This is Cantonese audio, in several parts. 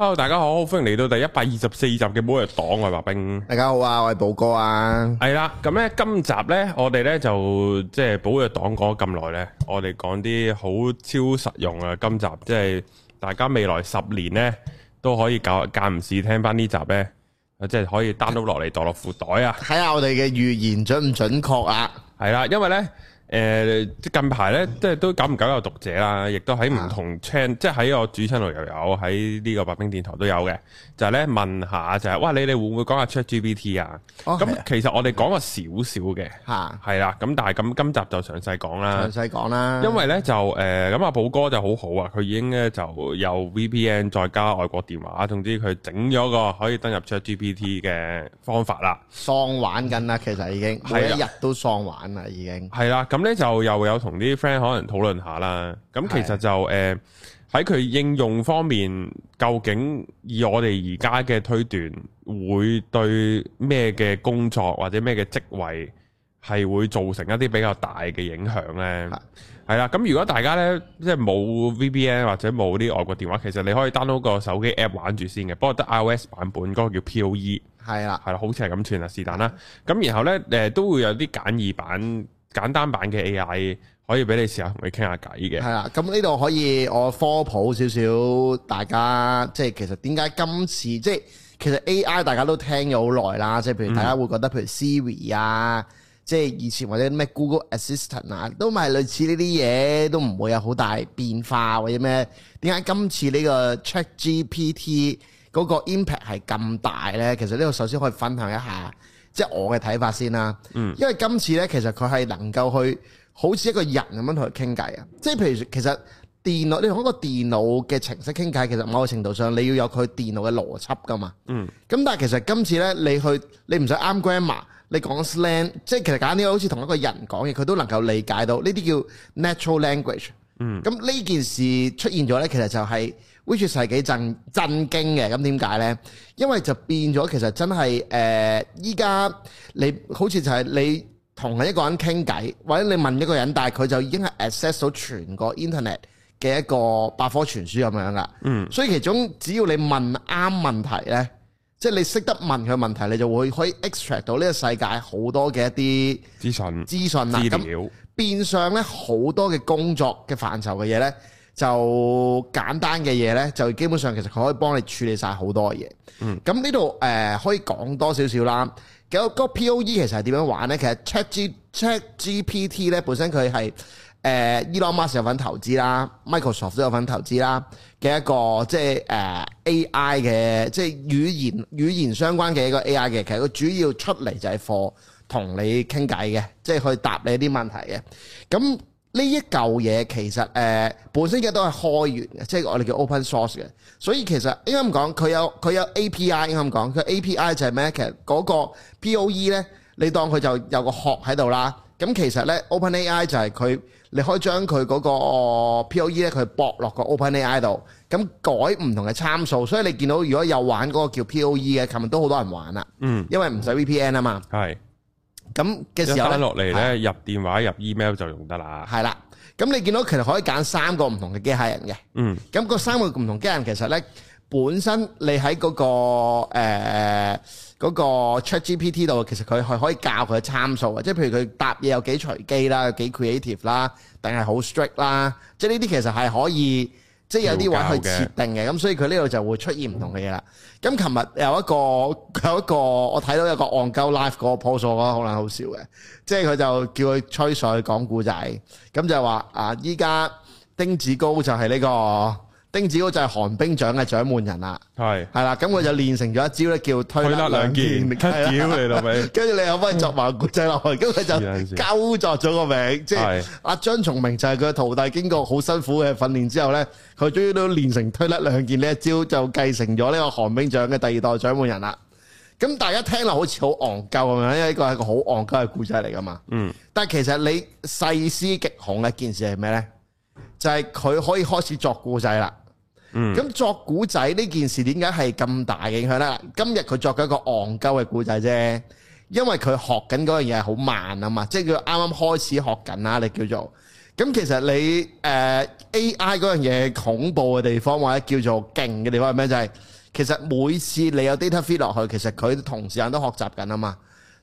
Hello 大家好，歡迎嚟到第一百二十四集嘅寶藥黨，我係白兵。大家好啊，我係寶哥啊。係啦，咁咧今集呢，我哋呢就即係、就是、寶藥黨講咗咁耐呢，我哋講啲好超實用啊。今集即係大家未來十年呢，都可以搞間唔時聽翻呢集呢，即係可以 download 落嚟袋落褲袋啊。睇下我哋嘅預言準唔準確啊？係啦，因為呢。誒近排咧，即係都久唔久有讀者啦，亦都喺唔同 channel 即係喺我主頻道又有喺呢個白兵電台都有嘅，就係、是、咧問下就係、是，哇！你哋會唔會講下 ChatGPT、哦嗯、啊？咁其實我哋講過少少嘅嚇，係啦、啊，咁但係咁今集就詳細講啦，詳細講啦，因為咧就誒咁阿寶哥就好好啊，佢已經咧就有 VPN 再加外國電話，總之佢整咗個可以登入 ChatGPT 嘅方法啦，喪玩緊啦，其實已經每一日都喪玩啦，已經係啦咁。咁咧、嗯、就又有同啲 friend 可能討論下啦。咁、嗯、是的 其實就誒喺佢應用方面，究竟以我哋而家嘅推斷，會對咩嘅工作或者咩嘅職位係會造成一啲比較大嘅影響咧？係啦是的。咁、嗯、如果大家咧即係冇 VPN 或者冇啲外國電話，其實你可以 download 個手機 app 玩住先嘅。不過得 iOS 版本嗰、嗰個叫 Poe 係啦，係啦，好似係咁串，啦，是但啦。咁然後咧誒、呃、都會有啲簡易版。簡單版嘅 AI 可以俾你試下同你傾下偈嘅。係啦，咁呢度可以我科普少少，大家即係其實點解今次即係其實 AI 大家都聽咗好耐啦。即係譬如大家會覺得、嗯、譬如 Siri 啊，即係以前或者咩 Google Assistant 啊，都係類似呢啲嘢，都唔會有好大變化或者咩？點解今次呢個 ChatGPT 嗰個 impact 係咁大呢？其實呢個首先可以分享一下。嗯即係我嘅睇法先啦，嗯、因為今次呢，其實佢係能夠去好似一個人咁樣同佢傾偈啊！即係譬如其實電腦，你同一個電腦嘅程式傾偈，其實某個程度上你要有佢電腦嘅邏輯噶嘛。嗯。咁但係其實今次呢，你去你唔使啱 grammar，你講 slang，即係其實簡單啲，好似同一個人講嘢，佢都能夠理解到。呢啲叫 natural language。嗯。咁呢件事出現咗呢，其實就係、是。which 係幾震震驚嘅？咁點解呢？因為就變咗，其實真係誒，依家你好似就係你同一個人傾偈，或者你問一個人，但係佢就已經係 access 到全個 internet 嘅一個百科全書咁樣噶。嗯。所以其中只要你問啱問題呢，即係你識得問佢問題，你就會可以 extract 到呢個世界好多嘅一啲資訊資訊啊。資料變相呢，好多嘅工作嘅範疇嘅嘢呢。就簡單嘅嘢呢，就基本上其實佢可以幫你處理晒好多嘢。咁呢度誒可以講多少少啦。咁嗰個 POE 其實係點樣玩呢？其實 ChatG ChatGPT 咧本身佢係誒 Elon Musk 有份投資啦，Microsoft 都有份投資啦嘅一個即係誒 AI 嘅即係語言語言相關嘅一個 AI 嘅。其實佢主要出嚟就係貨同你傾偈嘅，即係去答你啲問題嘅。咁呢一嚿嘢其實誒、呃、本身嘅都係開源嘅，即係我哋叫 open source 嘅。所以其實應該咁講佢有佢有 API 應該咁講，佢 API 就係咩？其實嗰個 POE 呢，你當佢就有個殼喺度啦。咁其實呢 OpenAI 就係佢你可以將佢嗰個 POE 呢，佢駁落個 OpenAI 度，咁改唔同嘅參數。所以你見到如果有玩嗰個叫 POE 嘅，琴日都好多人玩啦。嗯，因為唔使 VPN 啊嘛。係。咁嘅時候咧落嚟呢，入電話入 email，就用得啦。係啦，咁你見到其實可以揀三個唔同嘅機械人嘅。嗯，咁個三個唔同機械人其實咧，本身你喺嗰個誒嗰個 ChatGPT 度，其實佢係可以教佢嘅參數嘅，即係譬如佢答嘢有幾隨機啦，有幾 creative 啦，定係好 strict 啦，即係呢啲其實係可以。即係有啲位去設定嘅，咁所以佢呢度就會出現唔同嘅嘢啦。咁琴日有一個有一個我睇到一個 On Go Live 個 pose 我覺得好難好笑嘅，即係佢就叫佢吹水講故仔，咁就話啊依家丁子高就係呢個。丁子高就係寒冰掌嘅掌門人啦，係係啦，咁佢就練成咗一招咧，叫推甩兩件，推雕嚟咪，跟住你可唔可以作埋個古仔落去？咁佢就勾作咗個名，即係阿張重明就係佢嘅徒弟。經過好辛苦嘅訓練之後咧，佢終於都練成推甩兩件呢一招，就繼承咗呢個寒冰掌嘅第二代掌門人啦。咁大家聽落好似好戇鳩咁樣，因為呢個係個好戇鳩嘅故仔嚟噶嘛。嗯，但係其實你細思極恐嘅一件事係咩咧？就係佢可以開始作古仔啦，咁、嗯、作古仔呢件事點解係咁大影響咧？今日佢作緊一個戇鳩嘅故仔啫，因為佢學緊嗰樣嘢係好慢啊嘛，即係佢啱啱開始學緊啦，你叫做咁。其實你誒 A I 嗰樣嘢恐怖嘅地方或者叫做勁嘅地方係咩？就係、是、其實每次你有 data feed 落去，其實佢同時間都學習緊啊嘛。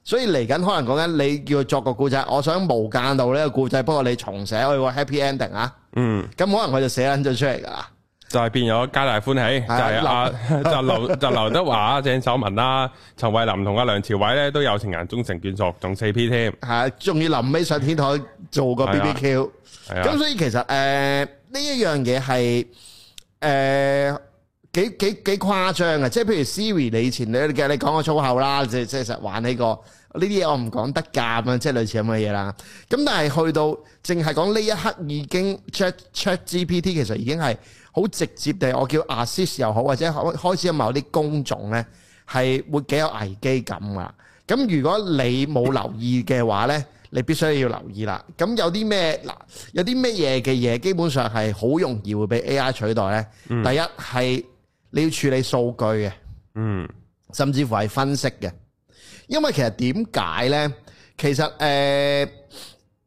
所以嚟緊可能講緊你叫佢作個故仔，我想無間道呢個故仔，不過你重寫去個 happy ending 啊。嗯。咁可能佢就寫緊咗出嚟噶啦。就係變咗皆大歡喜，啊、就係阿就劉就劉德華 守啊、鄭秀文啦、陳慧琳同阿梁朝偉咧都有情人終成眷屬，仲四 P 添。嚇、啊！仲要臨尾上天台做個 BBQ。係啊。咁、啊、所以其實誒呢、呃、一樣嘢係誒。呃幾幾幾誇張啊！即係譬如 Siri，你以前你其實你講個粗口啦，即係即係實玩呢個呢啲嘢，我唔講得噶咁樣！即係類似咁嘅嘢啦。咁但係去到淨係講呢一刻，已經 Chat Chat GPT 其實已經係好直接地，我叫 assist 又好，或者開始有某啲工種咧係會幾有危機感噶。咁如果你冇留意嘅話咧， 你必須要留意啦。咁有啲咩嗱，有啲咩嘢嘅嘢，基本上係好容易會俾 AI 取代咧。嗯、第一係。你要處理數據嘅，嗯，甚至乎係分析嘅，因為其實點解呢？其實誒、呃，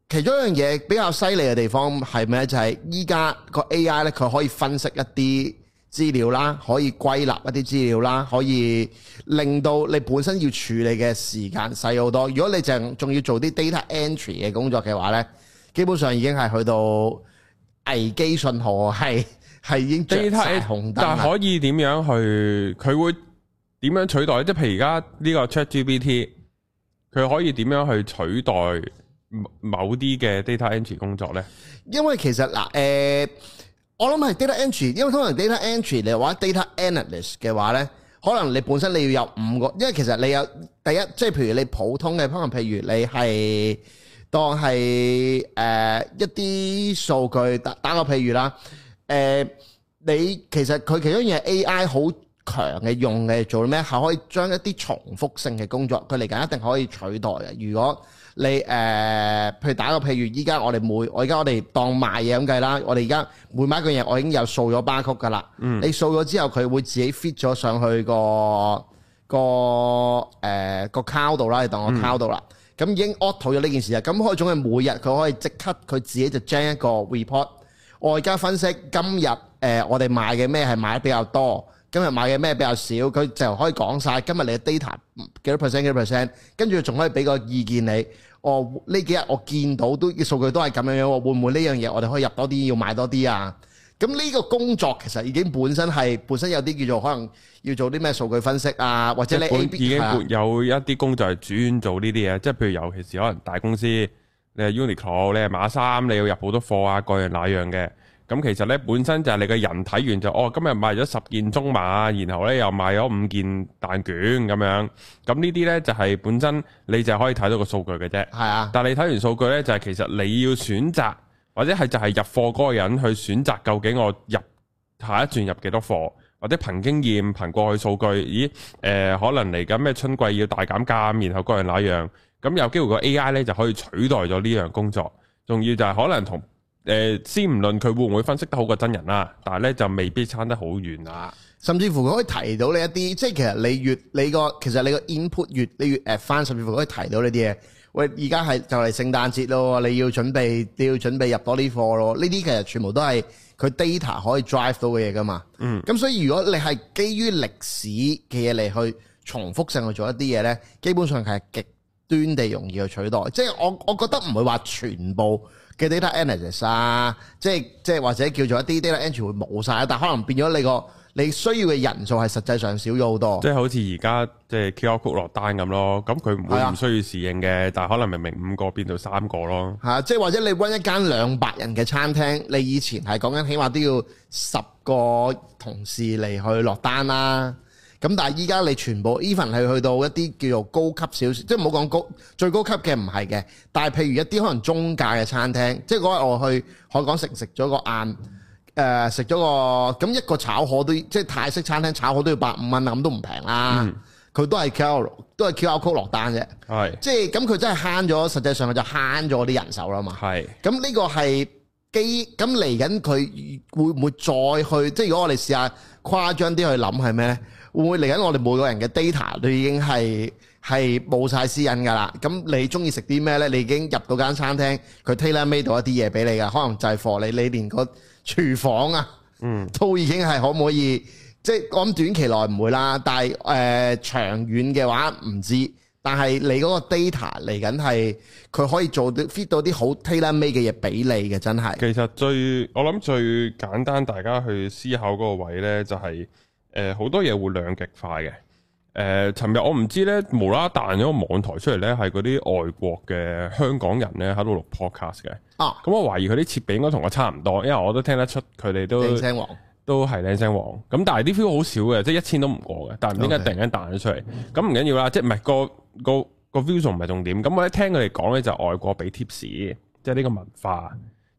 其中一樣嘢比較犀利嘅地方係咩？就係依家個 AI 呢，佢可以分析一啲資料啦，可以歸納一啲資料啦，可以令到你本身要處理嘅時間細好多。如果你淨仲要做啲 data entry 嘅工作嘅話呢，基本上已經係去到危機信號係。係已經著紅燈，但係可以點樣去？佢會點樣取代？即係譬如而家呢個 ChatGPT，佢可以點樣去取代某啲嘅 data entry 工作咧？因為其實嗱，誒、呃，我諗係 data entry，因為通常 data entry 你話 data analyst 嘅話咧，可能你本身你要有五個，因為其實你有第一，即係譬如你普通嘅，可能譬如你係當係誒、呃、一啲數據，打打個譬如啦。誒、呃，你其實佢其中一樣 AI 好強嘅用嘅做咩？係可以將一啲重複性嘅工作，佢嚟緊一定可以取代嘅。如果你誒、呃，譬如打個譬如，依家我哋每我而家我哋當賣嘢咁計啦，我哋而家每賣一件嘢，我已經有掃咗 barcode 噶啦。嗯、你掃咗之後，佢會自己 fit 咗上去個個誒個 card 度啦，你當我 card 度啦。咁、嗯嗯、已經 update 咗呢件事啦。咁可以總係每日佢可以即刻佢自己就將一個 report。我而家分析今日誒、呃，我哋買嘅咩係買得比較多？今日買嘅咩比較少？佢就可以講晒今日你嘅 data 幾多 percent 幾多 percent，跟住仲可以俾個意見你。哦，呢幾日我見到都嘅數據都係咁樣樣，哦、會唔會呢樣嘢我哋可以入多啲，要買多啲啊？咁呢個工作其實已經本身係本身有啲叫做可能要做啲咩數據分析啊，或者你 AB，已經有一啲工作係專門做呢啲嘢，即係譬如尤其是可能大公司。你係 Uniqlo，你係買衫，你要入好多貨啊，各樣，各樣那樣嘅。咁其實呢，本身就係你個人睇完就，哦，今日買咗十件中碼，然後呢又買咗五件蛋卷咁樣。咁呢啲呢，就係、是、本身你就可以睇到個數據嘅啫。係啊。但你睇完數據呢，就係、是、其實你要選擇，或者係就係入貨嗰個人去選擇，究竟我入下一轉入幾多貨，或者憑經驗憑過去數據，咦，誒、呃，可能嚟緊咩春季要大減價，然後各樣那樣。咁有機會個 A.I. 咧就可以取代咗呢樣工作，仲要就係可能同誒、呃，先唔論佢會唔會分析得好過真人啦，但係咧就未必差得好遠啊。甚至乎佢可以提到你一啲，即係其實你越你個其實你個 input 越你越誒翻，甚至乎可以提到呢啲嘢。喂，而家係就嚟聖誕節咯，你要準備你要準備入多啲貨咯。呢啲其實全部都係佢 data 可以 drive 到嘅嘢㗎嘛。嗯，咁所以如果你係基於歷史嘅嘢嚟去重複性去做一啲嘢咧，基本上係極端地容易去取代，即係我我覺得唔會話全部嘅 data analyst 啊，即係即係或者叫做一啲 data entry 會冇晒，但可能變咗你個你需要嘅人數係實際上少咗好多。即係好似而家即係 QR code 落單咁咯，咁佢唔會唔需要侍應嘅，的但可能明明五個變到三個咯。嚇！即係或者你揾一間兩百人嘅餐廳，你以前係講緊起碼都要十個同事嚟去落單啦。咁但係依家你全部 even 係去到一啲叫做高級少少，即唔好講高最高級嘅唔係嘅，但係譬如一啲可能中價嘅餐廳，即係嗰日我去海港城食咗個晏，誒食咗個，咁一個炒河都即係泰式餐廳炒河都要百五蚊啊，咁都唔平啦，佢都係 QR 都係 QR Code 落單啫，係，即係咁佢真係慳咗，實際上佢就慳咗啲人手啦嘛，係，咁呢個係機，咁嚟緊佢會唔會再去？即係如果我哋試下誇張啲去諗係咩呢？會唔會嚟緊？我哋每個人嘅 data 都已經係係冇曬私隱噶啦。咁你中意食啲咩咧？你已經入到間餐廳，佢 tailor made 到一啲嘢俾你嘅，可能就係 for 你。你連個廚房啊，嗯，都已經係可唔可以？即係我諗短期內唔會啦，但係誒、呃、長遠嘅話唔知。但係你嗰個 data 嚟緊係佢可以做 fit 到啲好 tailor made 嘅嘢俾你嘅，真係。其實最我諗最簡單大家去思考嗰個位咧，就係、是。誒，好、呃、多嘢會兩極化嘅。誒、呃，尋日我唔知咧，無啦啦彈咗個網台出嚟咧，係嗰啲外國嘅香港人咧喺度錄 podcast 嘅。啊、嗯，咁我懷疑佢啲設備應該同我差唔多，因為我都聽得出佢哋都。靚聲王。都係靚聲王，咁、嗯、但係啲 view 好少嘅，即係一千都唔過嘅。但係唔知點解突然間彈咗出嚟，咁唔緊要啦，即係唔係個、個、個 view 唔係重點。咁我一聽佢哋講咧，就外國俾 tips，即係呢個文化。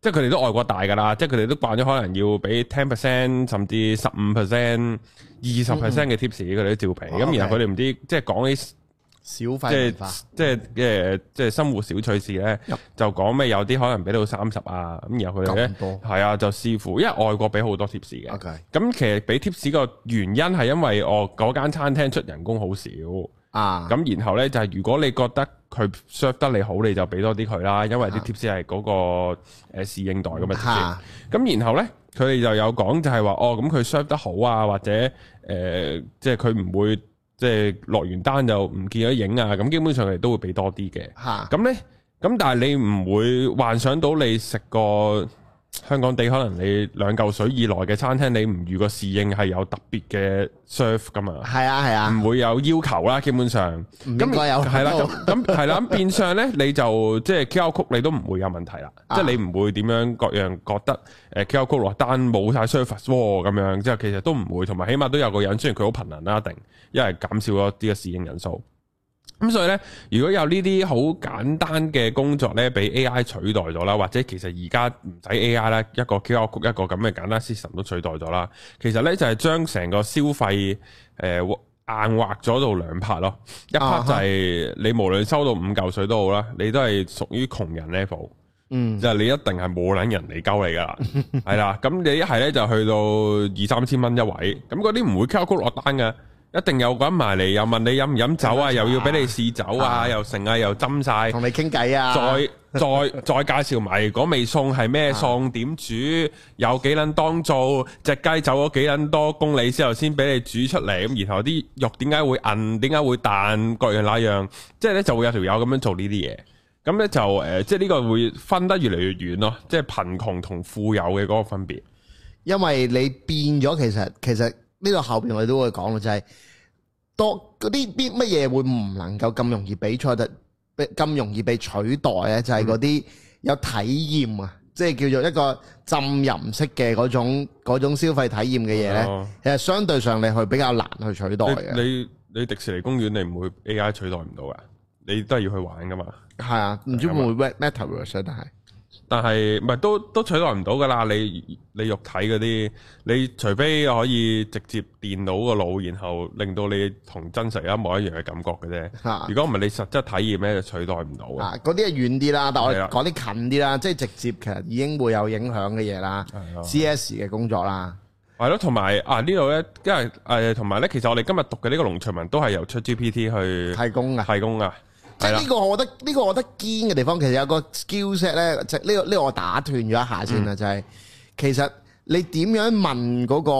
即係佢哋都外國大㗎喇，即係佢哋都慣咗，可能要俾 ten percent 甚至十五 percent、二十 percent 嘅 tips，佢哋都照俾咁。嗯、然後佢哋唔知、嗯、即係講起小費，即係是、嗯、即係即係生活小趣事咧，嗯、就講咩有啲可能俾到三十啊。咁然後佢哋咧係啊，就視乎因為外國俾好多 tips 嘅咁，嗯 okay. 其實俾 tips 個原因係因為我嗰間餐廳出人工好少。啊！咁然後咧就係、是、如果你覺得佢 serve 得你好，你就俾多啲佢啦，因為啲 tips 係嗰個侍應袋咁嘅。咁、啊啊啊、然後咧，佢哋就有講就係話哦，咁佢 serve 得好啊，或者誒，即係佢唔會即係、就是、落完單就唔見咗影啊。咁基本上佢哋都會俾多啲嘅。咁咧、啊，咁但係你唔會幻想到你食個。香港地可能你兩嚿水以內嘅餐廳你唔遇個侍應係有特別嘅 serve 噶嘛？係啊係啊，唔、啊、會有要求啦，基本上。咁唔有。係啦那，咁係啦，咁變相咧你就即係 K.O. 曲你都唔會有問題啦，即係、啊、你唔會點樣各樣覺得誒 K.O. 曲落但冇晒 service 咁、哦、樣，即係其實都唔會，同埋起碼都有個人，雖然佢好貧能啦，一定因係減少咗啲嘅侍應人數。咁所以咧，如果有呢啲好簡單嘅工作咧，俾 A I 取代咗啦，或者其實而家唔使 A I 咧，一個 QR code 一個咁嘅簡單 system 都取代咗啦。其實咧就係將成個消費誒硬劃咗到兩 part 咯，一 part 就係你無論收到五嚿水都好啦，你都係屬於窮人 level，嗯，就係你一定係冇撚人嚟救你噶啦，係啦。咁你一係咧就去到二三千蚊一位，咁嗰啲唔會 QR code 落單嘅。一定又揾埋嚟，又問你飲唔飲酒啊，又要俾你試酒啊，的又成啊，又斟晒，同你傾偈啊，再再再介紹埋，講未送係咩，送點的煮，有幾捻當造隻雞走咗幾捻多公里之後先俾你煮出嚟，咁然後啲肉點解會韌，點解會彈，各樣各樣，即係咧就會有條友咁樣做呢啲嘢，咁咧就誒，即係呢個會分得越嚟越遠咯，即係貧窮同富有嘅嗰個分別，因為你變咗其實其實。其實呢度後邊我哋都會講咯，就是，就係多啲啲乜嘢會唔能夠咁容易比賽，就咁容易被取代咧？就係嗰啲有體驗啊，即係叫做一個浸淫式嘅嗰種嗰種消費體驗嘅嘢咧，的其實相對上嚟去比較難去取代嘅。你你迪士尼公園你唔會 AI 取代唔到噶，你都係要去玩噶嘛。係啊，唔知會唔會 metaverse 但係。但係唔係都都取代唔到噶啦？你你肉體嗰啲，你除非可以直接電腦個腦，然後令到你同真實一模一樣嘅感覺嘅啫。如果唔係你實質體驗咧，就取代唔到啊。嗰啲係遠啲啦，但我講啲近啲啦，了即係直接其實已經會有影響嘅嘢啦。C S 嘅了工作啦，係咯，同埋啊呢度咧，因為誒同埋咧，其實我哋今日讀嘅呢個農場文都係由 chatGPT 去提供噶，提供噶。即係呢個，我覺得呢個我覺得堅嘅、這個、地方，其實有個 skill set 咧，就呢、是這個呢、這個我打斷咗一下先啦，嗯、就係其實你點樣問嗰個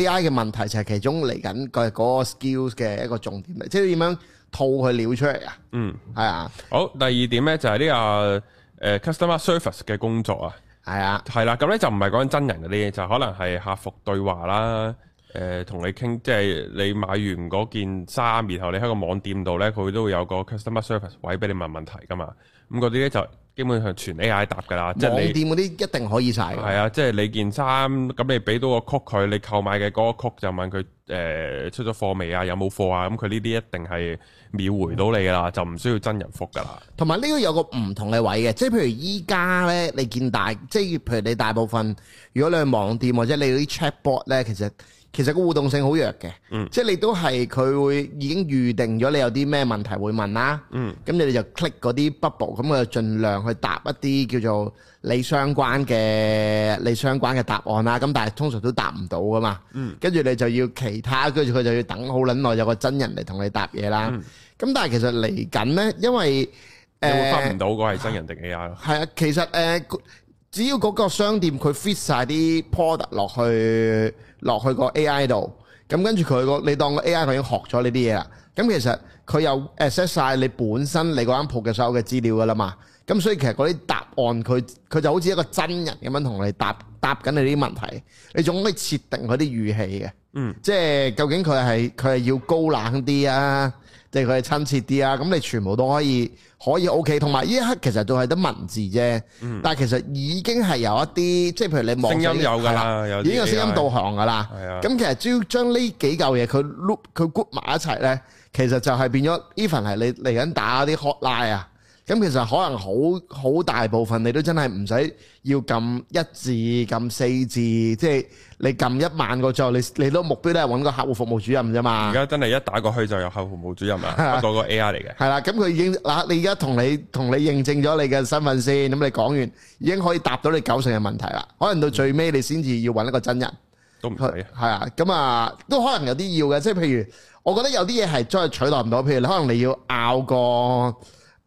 AI 嘅問題，就係其中嚟緊佢嗰個 skills 嘅一個重點，即係點樣套佢料出嚟、嗯、啊？嗯，係啊。好，第二點咧就係呢、這個誒、呃、customer service 嘅工作啊。係啊。係啦，咁咧就唔係講緊真人嗰啲，就可能係客服對話啦。誒同、呃、你傾，即係你買完嗰件衫，然後你喺個網店度咧，佢都會有個 customer service 位俾你問問題㗎嘛。咁嗰啲咧就基本上全 AI 答㗎啦。即係你店嗰啲一定可以晒，係啊，即係你件衫，咁你俾到個曲佢，你購買嘅嗰個曲就問佢。誒，出咗貨未啊？有冇貨啊？咁佢呢啲一定係秒回到你噶啦，就唔需要真人覆噶啦。同埋呢個有個唔同嘅位嘅，即係譬如依家咧，你見大，即係譬如你大部分，如果你去網店或者你啲 chatbot 咧，其實其實個互動性好弱嘅，嗯，即係你都係佢會已經預定咗你有啲咩問題會問啦，嗯，咁你哋就 click 嗰啲 bubble，咁佢就盡量去答一啲叫做。你相關嘅你相關嘅答案啦，咁但係通常都答唔到噶嘛。嗯，跟住你就要其他，跟住佢就要等好撚耐，有個真人嚟同你答嘢啦。咁、嗯、但係其實嚟緊呢，因為誒，你會發唔到嗰係真人定 A I 咯？係啊，其實誒、呃，只要嗰個商店佢 fit 晒啲 product 落去落去個 A I 度，咁跟住佢個你當個 A I 佢已經學咗呢啲嘢啦。咁其實佢有 access 曬你本身你嗰間鋪嘅所有嘅資料噶啦嘛。咁所以其實嗰啲答案，佢佢就好似一個真人咁樣同你答答緊你啲問題，你仲可以設定佢啲語氣嘅，嗯，即係究竟佢係佢係要高冷啲啊，定係佢係親切啲啊？咁你全部都可以可以 OK。同埋呢一刻其實仲係得文字啫，嗯，但係其實已經係有一啲，即係譬如你望，聲音有㗎啦，吧已經有聲音導航㗎啦，係啊的。咁其實只要將呢幾嚿嘢佢碌，佢 group 埋一齊咧，其實就係變咗 even 係你嚟緊打啲 hotline 啊。咁其實可能好好大部分你都真係唔使要撳一字撳四字，即係你撳一萬個最後，你你都目標都係揾個客戶服務主任啫嘛。而家真係一打過去就有客戶服務主任啊，嗰個 AI 嚟嘅。係啦，咁佢已經嗱，你而家同你同你認證咗你嘅身份先，咁你講完已經可以答到你九成嘅問題啦。可能到最尾你先至要揾一個真人，都唔抵啊。係啊，咁啊，都可能有啲要嘅，即係譬如，我覺得有啲嘢係真係取代唔到，譬如你可能你要拗個。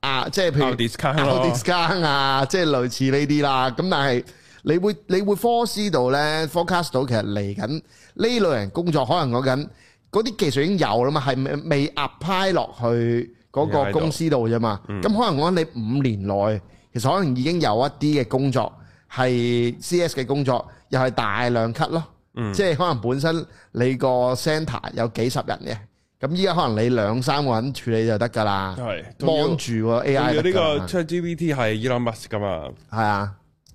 啊，即係譬如 outscan 啊，即係類似呢啲啦。咁但係你會你會 forecast 到咧，forecast 到其實嚟緊呢類人工作，可能講緊嗰啲技術已經有啦嘛，係未 apply 落去嗰個公司度啫嘛。咁可能講你五年內，其實可能已經有一啲嘅工作係 CS 嘅工作，又係大量 cut 咯。嗯，即係可能本身你個 center 有幾十人嘅。咁依家可能你兩三個人處理就得噶啦，係對，幫住喎 AI 呢有個 ChatGPT 係 Elon Musk 噶嘛，係啊。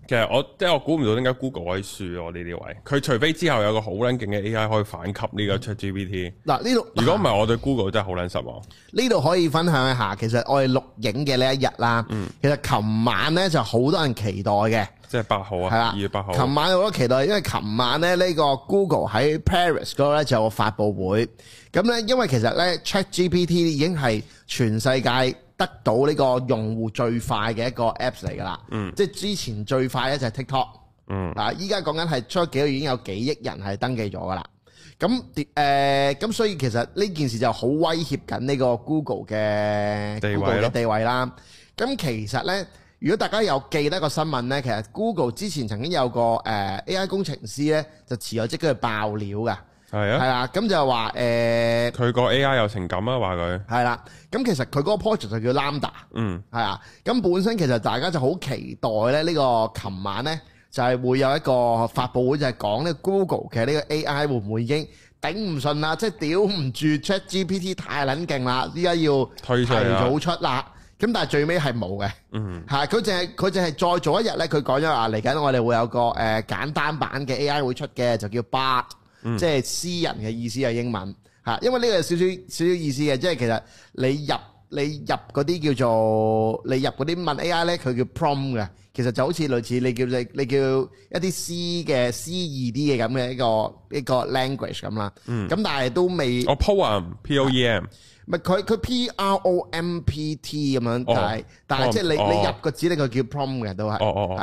其實我即係我估唔到點解 Google 可以輸我呢啲位，佢除非之後有個好撚勁嘅 AI 可以反吸呢個 ChatGPT，嗯。嗱呢度如果唔係我對 Google 真係好撚失望。呢度，啊、可以分享一下，其實我哋錄影嘅呢一日啦，啊，嗯，其實琴晚咧就好多人期待嘅。即係八號啊，二係啊月八號、啊。琴晚我都期待，因為琴晚咧呢個 Google 喺 Paris 嗰度就有個發布會，咁咧因為其實咧、嗯、ChatGPT 已經係全世界得到呢個用戶最快嘅一個 Apps 嚟噶啦。嗯。即係之前最快咧就係 TikTok。嗯。啊，依家講緊係出咗幾，已經有幾億人係登記咗噶啦。咁誒，咁、呃、所以其實呢件事就好威脅緊呢個 Go Google 嘅地位嘅地位啦。咁其實咧。如果大家有記得個新聞呢，其實 Google 之前曾經有個誒、呃、AI 工程師呢，就辭咗職跟住爆料㗎，係啊的，係啊，咁就係話佢個 AI 有情感啊，話佢係啦，咁其實佢嗰個 project 就叫 Lambda，嗯，係啊，咁本身其實大家就好期待咧，呢、呢個琴晚呢，就係、是、會有一個發布會，就係講咧 Google 其實呢個 AI 會唔會已經頂唔順啦，即係屌唔住 ChatGPT 太撚勁啦，依家、嗯、要提早出啦。咁但係最尾係冇嘅，嚇佢淨係佢淨係再做一日咧，佢講咗啊嚟緊，我哋會有個誒、呃、簡單版嘅 AI 會出嘅，就叫 Bard，mm hmm. 即係詩人嘅意思係英文嚇、啊。因為呢個係少少少少意思嘅，即係其實你入你入嗰啲叫做你入嗰啲問 AI 咧，佢叫 prom 嘅，其實就好似類似你叫你你叫一啲詩嘅詩意啲嘢嘅咁嘅一個一個 language 咁啦。嗯、mm，咁、hmm. 但係都未我 poem p o e m、啊。唔係佢佢 P R O M P T 咁樣，oh, 但係但係即係你你入個指令，佢叫 prom 嘅都係，係啊、oh, oh, oh，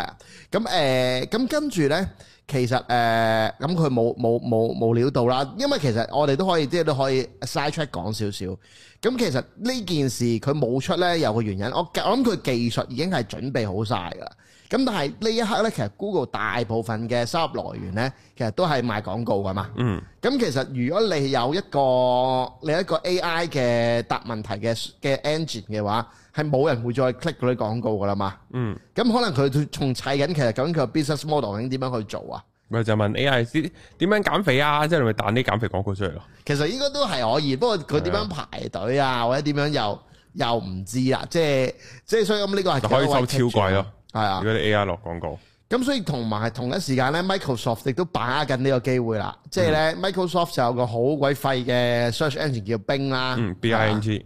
咁誒咁跟住咧，其實誒咁佢冇冇冇冇料到啦，因為其實我哋都可以即係都可以 side track 講少少，咁其實呢件事佢冇出咧有個原因，我我諗佢技術已經係準備好曬㗎。咁但係呢一刻咧，其實 Google 大部分嘅收入來源咧，其實都係賣廣告噶嘛。嗯。咁其實如果你有一個你一個 AI 嘅答問題嘅嘅 engine 嘅話，係冇人會再 click 嗰啲廣告噶啦嘛。嗯。咁可能佢仲砌緊，其實究竟佢 business model 應點樣去做啊？咪就問 AI 點樣減肥啊？即係你咪彈啲減肥廣告出嚟咯？其實應該都係可以，不過佢點樣排隊啊？是的 或者點樣又又唔知啊？即係即係，所以咁呢個係可以收超貴咯。係啊，如果你 A.I. 落廣告，咁所以同埋同一時間咧，Microsoft 亦都把握緊呢個機會啦。嗯、即係咧，Microsoft 就有個好鬼廢嘅 search engine 叫 Bing 啦。嗯。嗯，B.I.N.G.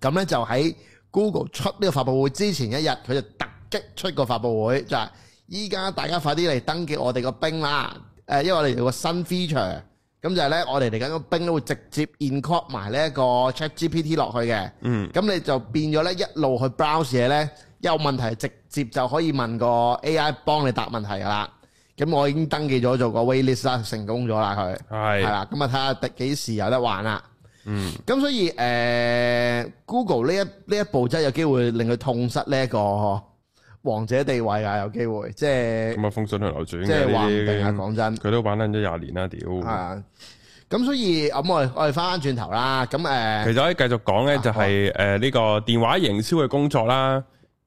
咁咧就喺 Google 出呢個發布會之前一日，佢就突擊出個發布會，就係依家大家快啲嚟登記我哋個 Bing 啦。誒，因為我哋有個新 feature，咁就係咧，我哋嚟緊個 Bing 都會直接 incorporate 埋呢一個 Chat GPT 落去嘅。嗯，咁你就變咗咧一路去 browse 嘢咧，有問題直接就可以問個 AI 幫你答問題噶啦，咁我已經登記咗做個 waitlist 啦，成功咗啦佢，係啦，咁啊睇下第幾時有得玩啦。嗯，咁所以誒 Google 呢一呢一步真係有機會令佢痛失呢一個王者地位啊，有機會即係咁啊封信台留住，即係穩定啊！講真，佢都玩緊咗廿年啦屌。係啊，咁所以我我我哋翻翻轉頭啦，咁誒，其實可以繼續講咧，就係誒呢個電話營銷嘅工作啦。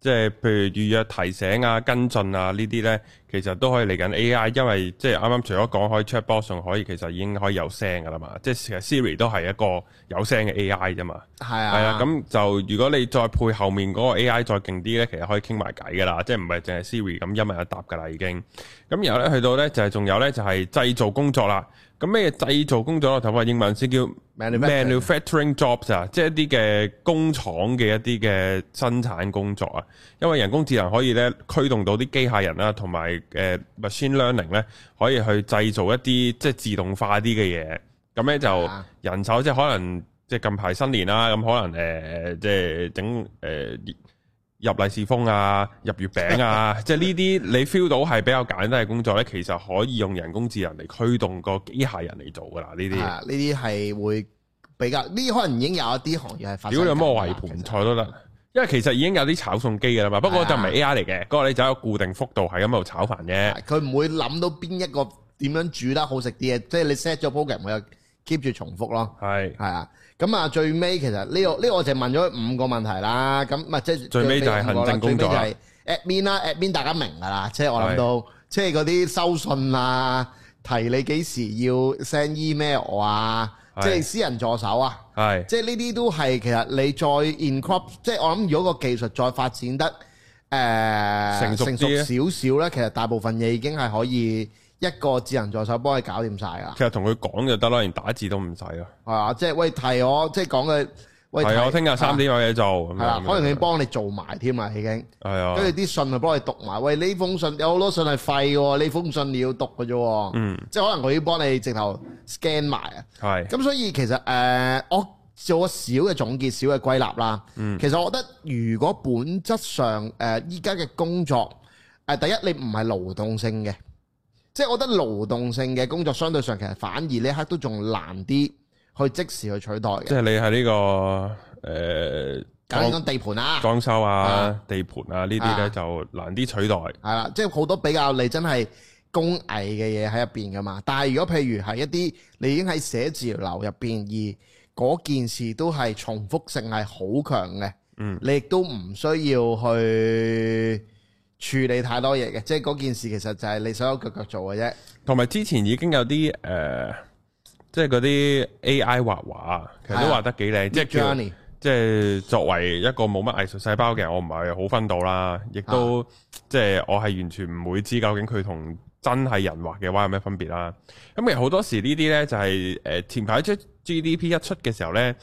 即係譬如預約提醒啊、跟進啊呢啲咧，其實都可以嚟緊 AI，因為即係啱啱除咗講開 check box，仲可以其實已經可以有聲噶啦嘛。即係其實 Siri 都係一個有聲嘅 AI 啫嘛。係 啊，係啊，咁就如果你再配後面嗰個 AI 再勁啲咧，其實可以傾埋偈噶啦。即係唔係淨係 Siri 咁一問一答噶啦已經。咁然後咧去到咧就係仲有咧就係製造工作啦。咁咩製造工作？嘅頭髮英文先叫 manufacturing jobs 啊，即係一啲嘅工廠嘅一啲嘅生產工作啊，因為人工智能可以咧驅動到啲機械人啦，同埋誒 machine learning 咧可以去製造一啲即係自動化啲嘅嘢，咁咧就人手即係可能即係近排新年啦，咁可能誒即係整誒。呃呃呃呃入利是封啊，入月餅啊， 即係呢啲你 feel 到係比較簡單嘅工作咧，其實可以用人工智能嚟驅動個機械人嚟做㗎啦。呢啲呢啲係會比較呢，可能已經有一啲行業係。如果有乜圍盤菜都得，因為其實已經有啲炒餸機㗎啦嘛。的不過不、那個、就唔係 AI 嚟嘅，不過你就有個固定幅度喺咁度炒飯啫。佢唔會諗到邊一個點樣煮得好食啲嘅，即係你 set 咗 program，佢又 keep 住重複咯。係係啊。咁啊，最尾其實呢、呢個呢、呢個就係問咗五個問題啦。咁啊，即係最尾就係行政工作 admin，最尾就係 admin 啦。admin 大家明噶啦，是的 即係我諗到，即係嗰啲收信啊，提你幾時要 send email 啊，是的 即係私人助手啊，是的 即係呢啲都係其實你再 incorporate 即係我諗如果個技術再發展得誒、呃、成熟少少咧，其實大部分嘢已經係可以。一個智能助手幫你搞掂晒啊！其實同佢講就得啦，連打字都唔使咯。係啊，即係喂提我，即係講佢喂。提我聽日三點有嘢做。係啦，啊樣，可能佢要幫你做埋添啊，已經係啊。跟住啲信又幫你讀埋。喂，呢封信有好多信係廢嘅，呢封信你要讀嘅啫。嗯，即係可能佢要幫你直頭 scan 埋啊。係咁的，所以其實誒、呃，我做個小嘅總結，小嘅歸納啦。嗯，其實我覺得如果本質上誒，依家嘅工作誒、呃，第一你唔係勞動性嘅。的即係我覺得勞動性嘅工作，相對上其實反而呢刻都仲難啲去即時去取代嘅。即係你係呢、呢個誒，講、呃、緊地盤啊，裝修啊、啊地盤啊呢啲咧就難啲取代。係啦、啊，即係好多比較你真係工藝嘅嘢喺入邊㗎嘛。但係如果譬如係一啲你已經喺寫字樓入邊，而嗰件事都係重複性係好強嘅，嗯，你亦都唔需要去處理太多嘢嘅，即係嗰件事，其實就係你所有腳腳做嘅啫。同埋之前已經有啲誒，即係嗰啲 A I 畫畫，其實都畫得幾靚。的即係 Johnny 作為一個冇乜藝術細胞嘅人，我唔係好分到啦。亦都、啊、即係我係完全唔會知究竟佢同真係人畫嘅畫有咩分別啦。咁其實好多時呢啲咧就係誒前排出 G P T 一出嘅時候咧，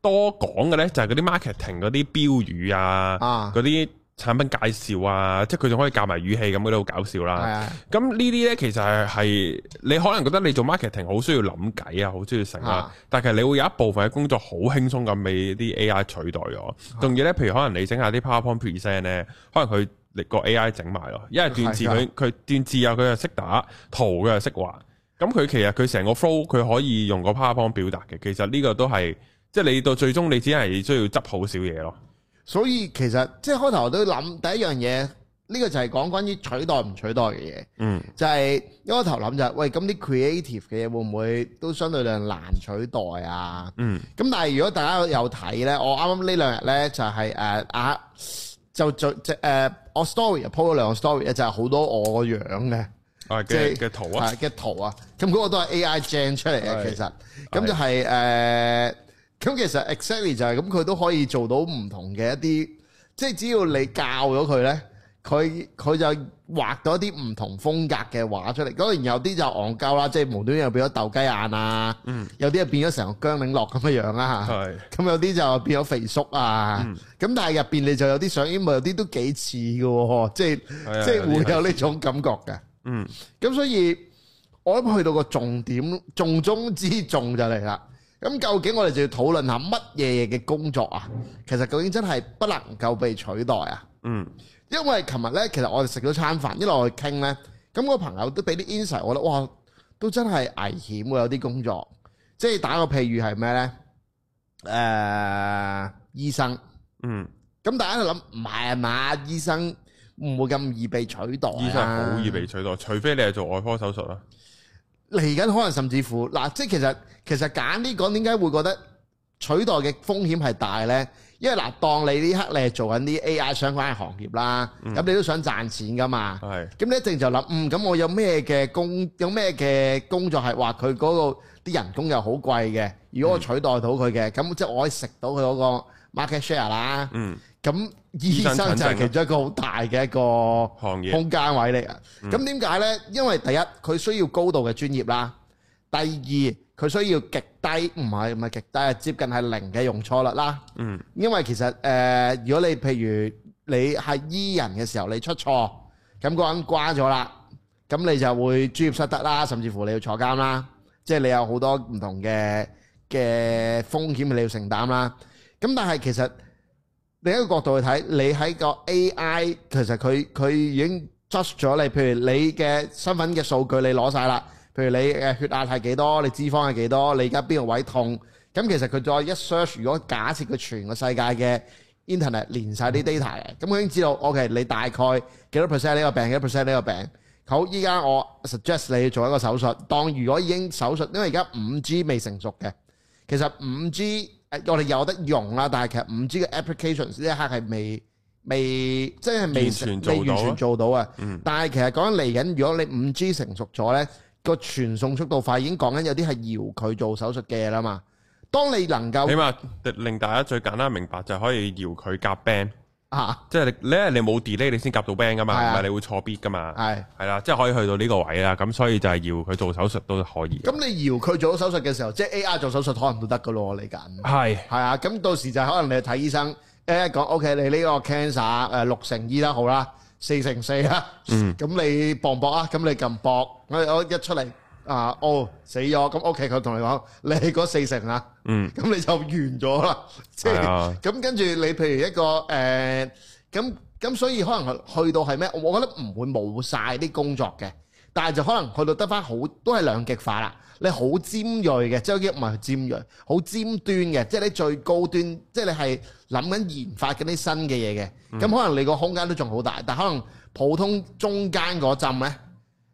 多講嘅咧就係嗰啲 marketing 嗰啲標語啊，嗰啲、啊。產品介紹啊，即係佢仲可以夾埋語氣咁，覺得好搞笑啦。係啊是的，咁呢啲咧其實係你可能覺得你做 marketing 好需要諗計啊，好需要成啊，是的 但係其實你會有一部分嘅工作好輕鬆咁俾啲 AI 取代咗。仲要咧，譬如可能你整下啲 PowerPoint present 咧，可能佢力個 AI 整埋咯，因為斷字佢佢斷字啊佢又識打圖佢又識畫，咁佢其實佢成個 flow 佢可以用個 PowerPoint 表達嘅。其實呢個都係即係你到最終你只係需要執好少嘢咯。所以其實即係開頭我都諗第一樣嘢，呢、呢個就係講關於取代唔取代嘅嘢。嗯，就係一開頭諗就係，喂，咁啲 creative 嘅嘢會唔會都相對量難取代啊？嗯，咁但係如果大家有睇咧，我啱啱呢兩日咧就係誒啊，就就即係我 story 鋪咗兩個 story，就係好多我個樣嘅，即係嘅圖啊嘅、就是啊、圖啊，咁嗰、啊啊、 個都係 AI generate 出嚟嘅，是其實咁就係、是、誒。咁其實 exactly 就係咁，佢都可以做到唔同嘅一啲，即係只要你教咗佢咧，佢佢就畫到一啲唔同風格嘅畫出嚟。當然有啲就昂鳩啦，即係無端又變咗鬥雞眼啊，嗯，有，有啲就變咗成個姜檸樂咁嘅樣啦嚇，係，咁有啲就變咗肥叔啊，嗯，咁但係入邊你就有啲相，因為有啲都幾似㗎喎，即係即係會有呢種感覺嘅，嗯，咁所以我諗去到個重點重中之重就嚟啦。咁究竟我哋就要討論下乜嘢嘅工作啊？其實究竟真係不能夠被取代啊？嗯。因為琴日咧，其實我哋食咗餐飯，一路去傾咧，咁個朋友都俾啲 insight，我覺得，哇，都真係危險會有啲工作，即係打個譬喻係咩咧？誒，醫生。嗯。咁大家諗，唔係啊嘛，醫生唔會咁易被取代啊。醫生好易被取代，除非你係做外科手術啦。嚟緊可能甚至乎嗱，即係其實其實揀呢個點解會覺得取代嘅風險係大呢？因為嗱，當你呢刻你係做緊啲 AI 相關嘅行業啦，咁、嗯、你都想賺錢噶嘛？係，咁你一定就諗，嗯，咁我有咩嘅工有咩嘅工作係話佢嗰個啲人工又好貴嘅，如果我取代到佢嘅，咁即係我可以食到佢嗰個 market share 啦。嗯。咁醫生就係其中一個好大嘅一個間行業空間位嚟噶。咁點解呢？因為第一，佢需要高度嘅專業啦，第二，佢需要極低，唔係唔係極低，係接近係零嘅容錯率啦。嗯。因為其實誒、呃，如果你譬如你係醫人嘅時候，你出錯，咁、那、嗰、個、人瓜咗啦，咁你就會專業失德啦，甚至乎你要坐監啦。即、就、係、是、你有好多唔同嘅嘅風險你要承擔啦。咁但係其實。另一個角度去睇，你喺個 AI 其實佢佢已經 judge 咗你，譬如你嘅身份嘅數據你攞晒啦，譬如你嘅血壓係幾多，你脂肪係幾多，你而家邊個位痛，咁其實佢再一 search，如果假設佢全個世界嘅 internet 連晒啲 data 嘅，咁佢已經知道，OK 你大概幾多 percent 呢個病，幾多 percent 呢個病，好，依家我 suggest 你做一個手術，當如果已經手術，因為而家五 G 未成熟嘅，其實五 G。誒，我哋有得用啦，但係其實五 G 嘅 applications 呢一刻係未未，即係未未完，未完全做到啊！嗯、但係其實講緊嚟緊，如果你五 G 成熟咗咧，個傳送速度快，已經講緊有啲係遙距做手術嘅嘢啦嘛。當你能夠起碼令大家最簡單明白，就可以遙距夾 band。嚇！即係你咧，你冇 delay，你先夾到 band 噶嘛，唔係你會錯 bid 噶嘛。係係啦，即係可以去到呢個位啦。咁所以就係要佢做手術都可以。咁你搖佢做咗手術嘅時候，即係 AR 做手術可能都得噶咯。我理解。係係啊，咁、啊、到時就可能你去睇醫生，A A 講 OK，你呢個 cancer 誒六成二啦，啊，好啦，四成四啦。嗯。咁你搏搏啊，咁你撳搏，我我一出嚟。啊！哦，死咗咁 OK，佢同你講，你係嗰四成啦，咁、嗯、你就完咗啦。即係咁跟住，就是嗯、你譬如一個誒，咁、呃、咁所以可能去到係咩？我覺得唔會冇晒啲工作嘅，但係就可能去到得翻好，都係兩極化啦。你好尖鋭嘅，即係唔係尖鋭，好尖端嘅，即、就、係、是、你最高端，即、就、係、是、你係諗緊研發緊啲新嘅嘢嘅。咁、嗯嗯、可能你個空間都仲好大，但可能普通中間嗰陣咧。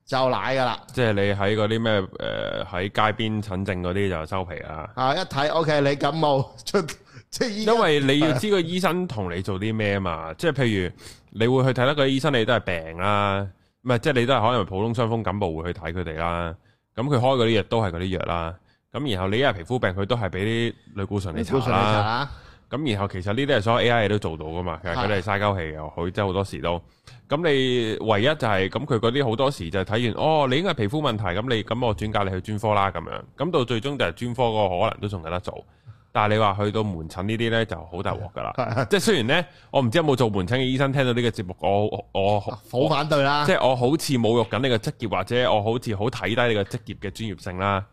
就奶噶啦，即係你喺嗰啲咩，誒，喺街邊診症嗰啲就收皮啦。啊，一睇，OK，你感冒出即係依，因為你要知個醫生同你做啲咩啊嘛。 即係譬如你會去睇得個醫生，你都係病啦、啊，唔係即係你都係可能普通傷風感冒會去睇佢哋啦。咁佢開嗰啲藥都係嗰啲藥啦。咁然後你一係皮膚病，佢都係俾類固醇你查啦。咁然後其實呢啲係所有 AI 都做到噶嘛，其實佢哋係嘥鳩氣嘅，佢真係好多時都咁。你唯一就係、是、咁，佢嗰啲好多時就睇完，哦，你應該係皮膚問題，咁你咁我轉介你去專科啦咁樣。咁到最終就係專科嗰個可能都仲有得做，但係你話去到門診呢啲咧就好大鑊噶啦。是的 即係雖然咧，我唔知有冇做門診嘅醫生聽到呢個節目，我我好反對啦。即係我好似侮辱緊你個職業，或者我好似好睇低你個職業嘅專業性啦。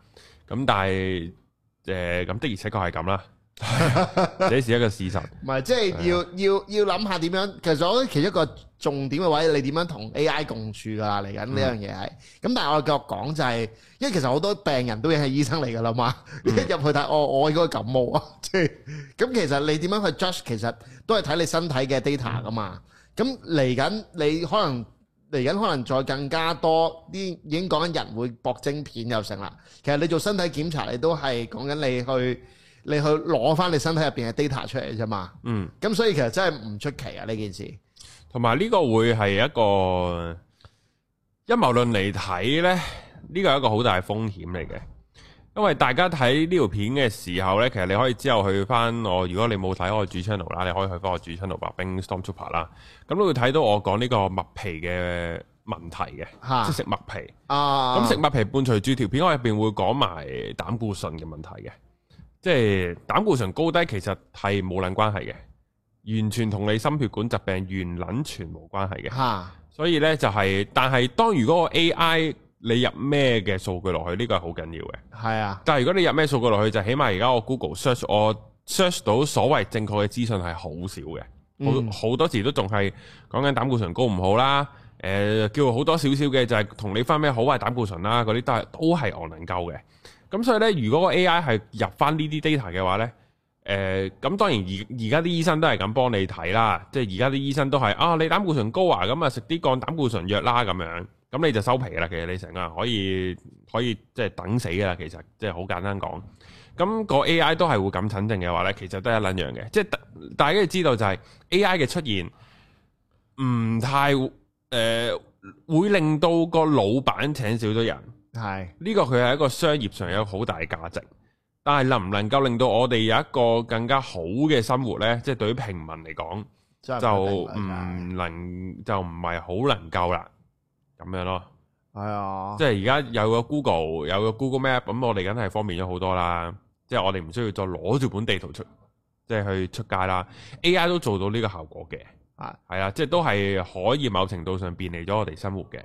咁但係誒，咁、呃、的而且確係咁啦。這是一個事實，唔係即係要要要諗下點樣。其實我其中一個重點嘅位，你點樣同 AI 共處噶，嚟緊呢樣嘢係。咁但係我繼續講就係，因為其實好多病人都已經係醫生嚟噶啦嘛，一入去睇，哦，我應該感冒啊。咁其實你點樣去 judge，其實都係睇你身體嘅 data 噶嘛。咁嚟緊你可能嚟緊可能再更加多啲，已經講緊人會搏晶片又成啦。其實你做身體檢查，你都係講緊你去。你去攞翻你身體入邊嘅 data 出嚟啫嘛。嗯。咁所以其實真係唔出奇啊呢件事。同埋呢個會係一個陰謀論嚟睇咧，呢個係一個好大風險嚟嘅，因為大家睇呢條片嘅時候咧，其實你可以之後去翻我。如果你冇睇我主 channel 啦，你可以去翻我主 channel 白兵 Stormtrooper 啦。咁都會睇到我講呢個麥皮嘅問題嘅，啊、即食麥皮。啊。咁食麥皮伴隨住條片，我入邊會講埋膽固醇嘅問題嘅。即係膽固醇高低其實係冇撚關係嘅，完全同你心血管疾病完撚全冇關係嘅。嚇、啊！所以呢，就係、是，但係當如果個 A I 你入咩嘅數據落去，呢、這個係好緊要嘅。係啊。但係如果你入咩數據落去，就起碼而家我 Google search 我 search 到所謂正確嘅資訊係、嗯、好少嘅，好好多時都仲係講緊膽固醇高唔好啦。誒、呃、叫好多少少嘅就係同你分咩好壞膽固醇啦、啊，嗰啲都係都係我能夠嘅。咁所以咧，如果個 AI 係入翻呢啲 data 嘅話咧，誒、呃，咁當然而而家啲醫生都係咁幫你睇啦。即係而家啲醫生都係啊，你膽固醇高啊，咁啊食啲降膽固醇藥啦、啊，咁樣，咁你就收皮啦。其實你成日可以可以即係、就是、等死噶啦，其實即係好簡單講。咁、那個 AI 都係會咁診症嘅話咧，其實都係一撚樣嘅。即、就、係、是、大家要知道就係、是、AI 嘅出現唔太誒、呃，會令到個老闆請少咗人。係呢是個佢係一個商業上有好大價值，但係能唔能夠令到我哋有一個更加好嘅生活呢？即係對於平民嚟講，就唔能是就唔係好能夠啦，咁樣咯。係啊、哎呀，即係而家有個 Google，有個 Google Map，咁、嗯、我哋梗係方便咗好多啦。即係我哋唔需要再攞住本地圖出，即係去出街啦。AI 都做到呢個效果嘅，啊是，係啊，即係都係可以某程度上便利咗我哋生活嘅。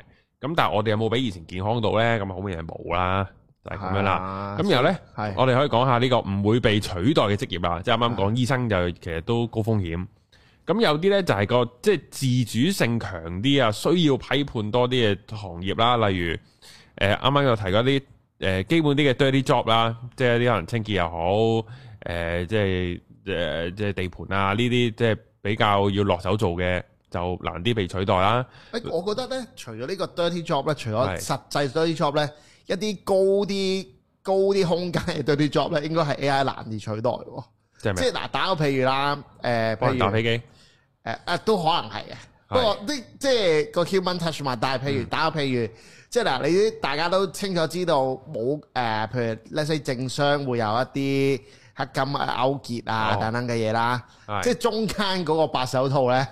咁但係我哋有冇比以前健康到咧？咁好明顯係冇啦，就係、是、咁樣啦。咁、啊、然後咧，是我哋可以講下呢個唔會被取代嘅職業啊，是即係啱啱講醫生就其實都高風險。咁有啲咧就係、是、個即係自主性強啲啊，需要批判多啲嘅行業啦。例如，誒啱啱又提嗰啲誒基本啲嘅 dirty job 啦，即係一啲可能清潔又好，誒、呃、即係誒、呃、即係地盤啊呢啲即係比較要落手做嘅。就難啲被取代啦。誒，我覺得咧，除咗呢個 dirty job 咧，除咗實際 dirty job 咧，一啲高啲高啲空間嘅 dirty job 咧，應該係 AI 難以取代喎。即係嗱，打個譬如啦，誒，譬如打飛機，誒啊，都可能係嘅。不過啲即係個 human touch 嘛，但係譬如打個譬如，即係嗱，你啲大家都清楚知道冇誒，譬如一些政商會有一啲。黑金啊、勾結啊等等嘅嘢啦，即係中間嗰個白手套咧，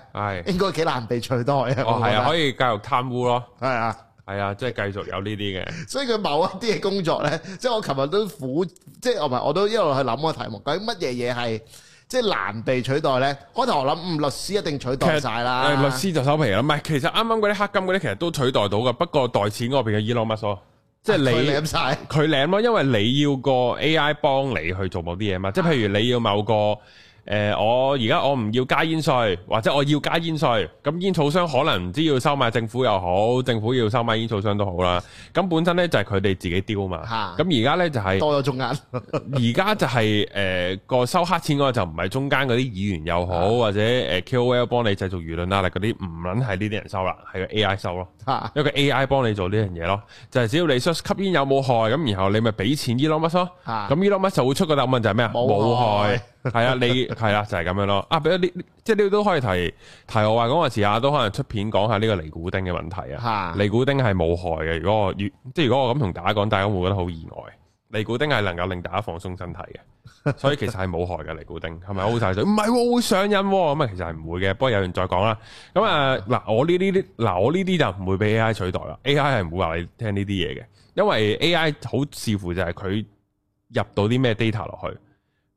應該幾難被取代啊！哦，係可以繼續貪污咯，係啊，係啊，即係繼續有呢啲嘅。所以佢某一啲嘅工作咧，即係我琴日都苦，即係我唔係我都一路去諗個題目，究竟乜嘢嘢係即係難被取代咧？開頭我諗，嗯，律師一定取代曬啦，律師就收皮啦。唔係，其實啱啱嗰啲黑金嗰啲，其實都取代到嘅，不過袋錢嗰邊嘅伊羅密索。即係你，佢舐曬，佢舐咯，因為你要個 AI 幫你去做某啲嘢嘛，即係譬如你要某個。誒、呃，我而家我唔要加煙稅，或者我要加煙稅，咁煙草商可能唔知要收買政府又好，政府要收買煙草商都好啦。咁本身咧就係佢哋自己丟嘛。咁而家咧就係、是、多咗中間。而 家就係誒個收黑錢嗰個就唔係中間嗰啲議員又好，啊、或者誒 KOL 幫你製造輿論啊，嚟嗰啲唔撚係呢啲人收啦，係個 AI 收咯。啊、因一個 AI 幫你做呢樣嘢咯，就係、是、只要你吸煙有冇害，咁然後你咪俾錢 Elon Musk 咯。咁、啊、Elon Musk 就會出個答案就係咩啊？冇害。係 啊，你係啦、啊，就係、是、咁樣咯。啊，俾啲即係你都可以提提我話講下詞啊，都可能出片講下呢個尼古丁嘅問題啊。 尼古丁係冇害嘅，如果我即係如果我咁同大家講，大家會唔會覺得好意外？尼古丁係能夠令大家放鬆身體嘅，所以其實係冇害嘅 尼古丁，係咪好曬水？唔係、啊，會上癮咁啊，其實係唔會嘅。不過有人再講啦，咁、嗯、啊嗱、啊，我呢啲嗱我呢啲就唔會俾 A I 取代啦，A I 係唔會話你聽呢啲嘢嘅，因為 A I 好視乎就係佢入到啲咩 data 落去。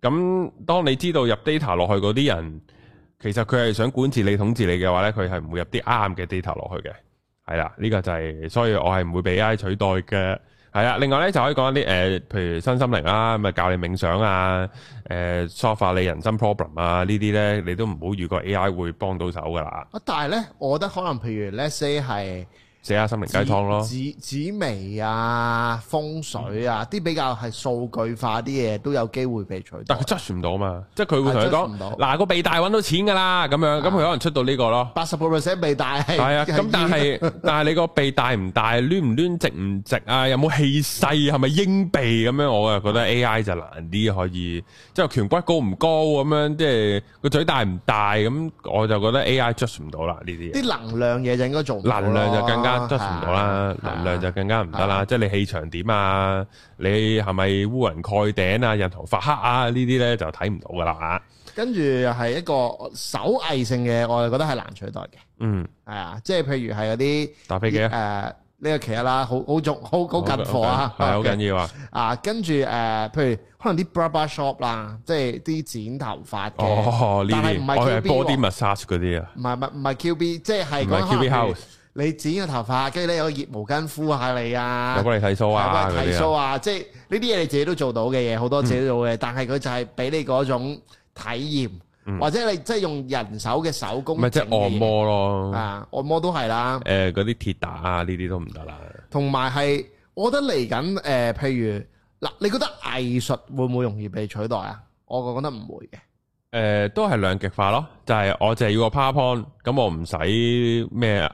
咁、嗯，當你知道入 data 落去嗰啲人，其實佢係想管治你、統治你嘅話咧，佢係唔會入啲啱嘅 data 落去嘅。係啦，呢、呢個就係、是，所以我係唔會俾 AI 取代嘅。係啦，另外咧就可以講一啲誒、呃，譬如身心靈啦，咪教你冥想啊，誒、呃、solve 你人生 problem 啊，呢啲咧你都唔好預過 AI 會幫到手噶啦。啊，但係咧，我覺得可能譬如 let's say 係。寫下心靈雞湯咯，紫紫，紫微啊，風水啊，啲比較係數據化啲嘢都有機會被取代，但佢執唔到嘛，即係佢會同你講，嗱個說鼻大揾到錢噶啦，咁樣咁佢、啊、可能出到呢個咯，八十個 percent 鼻大係、啊， 啊，咁但係但係你個鼻大唔大，攣唔攣，直唔直啊，有冇氣勢啊，係咪鷹鼻咁樣，我又覺得 A I 就難啲可以，即係顴骨高唔高咁樣，即係個嘴大唔大，咁我就覺得 A I 捉唔到啦呢啲，啲能量嘢就應該做，能量就更加。得唔到啦，能量就更加唔得啦。即係你氣場點啊？你係咪烏雲蓋頂啊？印堂發黑啊？呢啲咧就睇唔到噶啦吓。跟住係一個手藝性嘅，我就覺得係難取代嘅。嗯，係啊，即係譬如係嗰啲打飛機咧，誒呢個其他啦，好好重好好緊火啊，係好緊要啊。啊，跟住誒，譬如可能啲 barber shop 啦，即係啲剪頭髮哦，呢啲，唔係 QB，我係 body massage 嗰啲啊，唔係唔係唔係 Q B，即係 QB House。你剪個頭髮，跟住咧有個熱毛巾敷下你，你啊，幫你睇須啊，剃須啊，即係呢啲嘢你自己都做到嘅嘢，好多自己都做到嘅，嗯、但係佢就係俾你嗰種體驗，嗯、或者你即係用人手嘅手工，咪即係按摩咯，啊按摩都係啦，誒嗰啲鐵打啊呢啲都唔得啦。同埋係，我覺得嚟緊誒，譬如嗱，你覺得藝術會唔會容易被取代啊？我覺得唔會嘅。誒、呃、都係兩極化咯，就係、是、我淨係要個 PowerPoint 咁我唔使咩啊？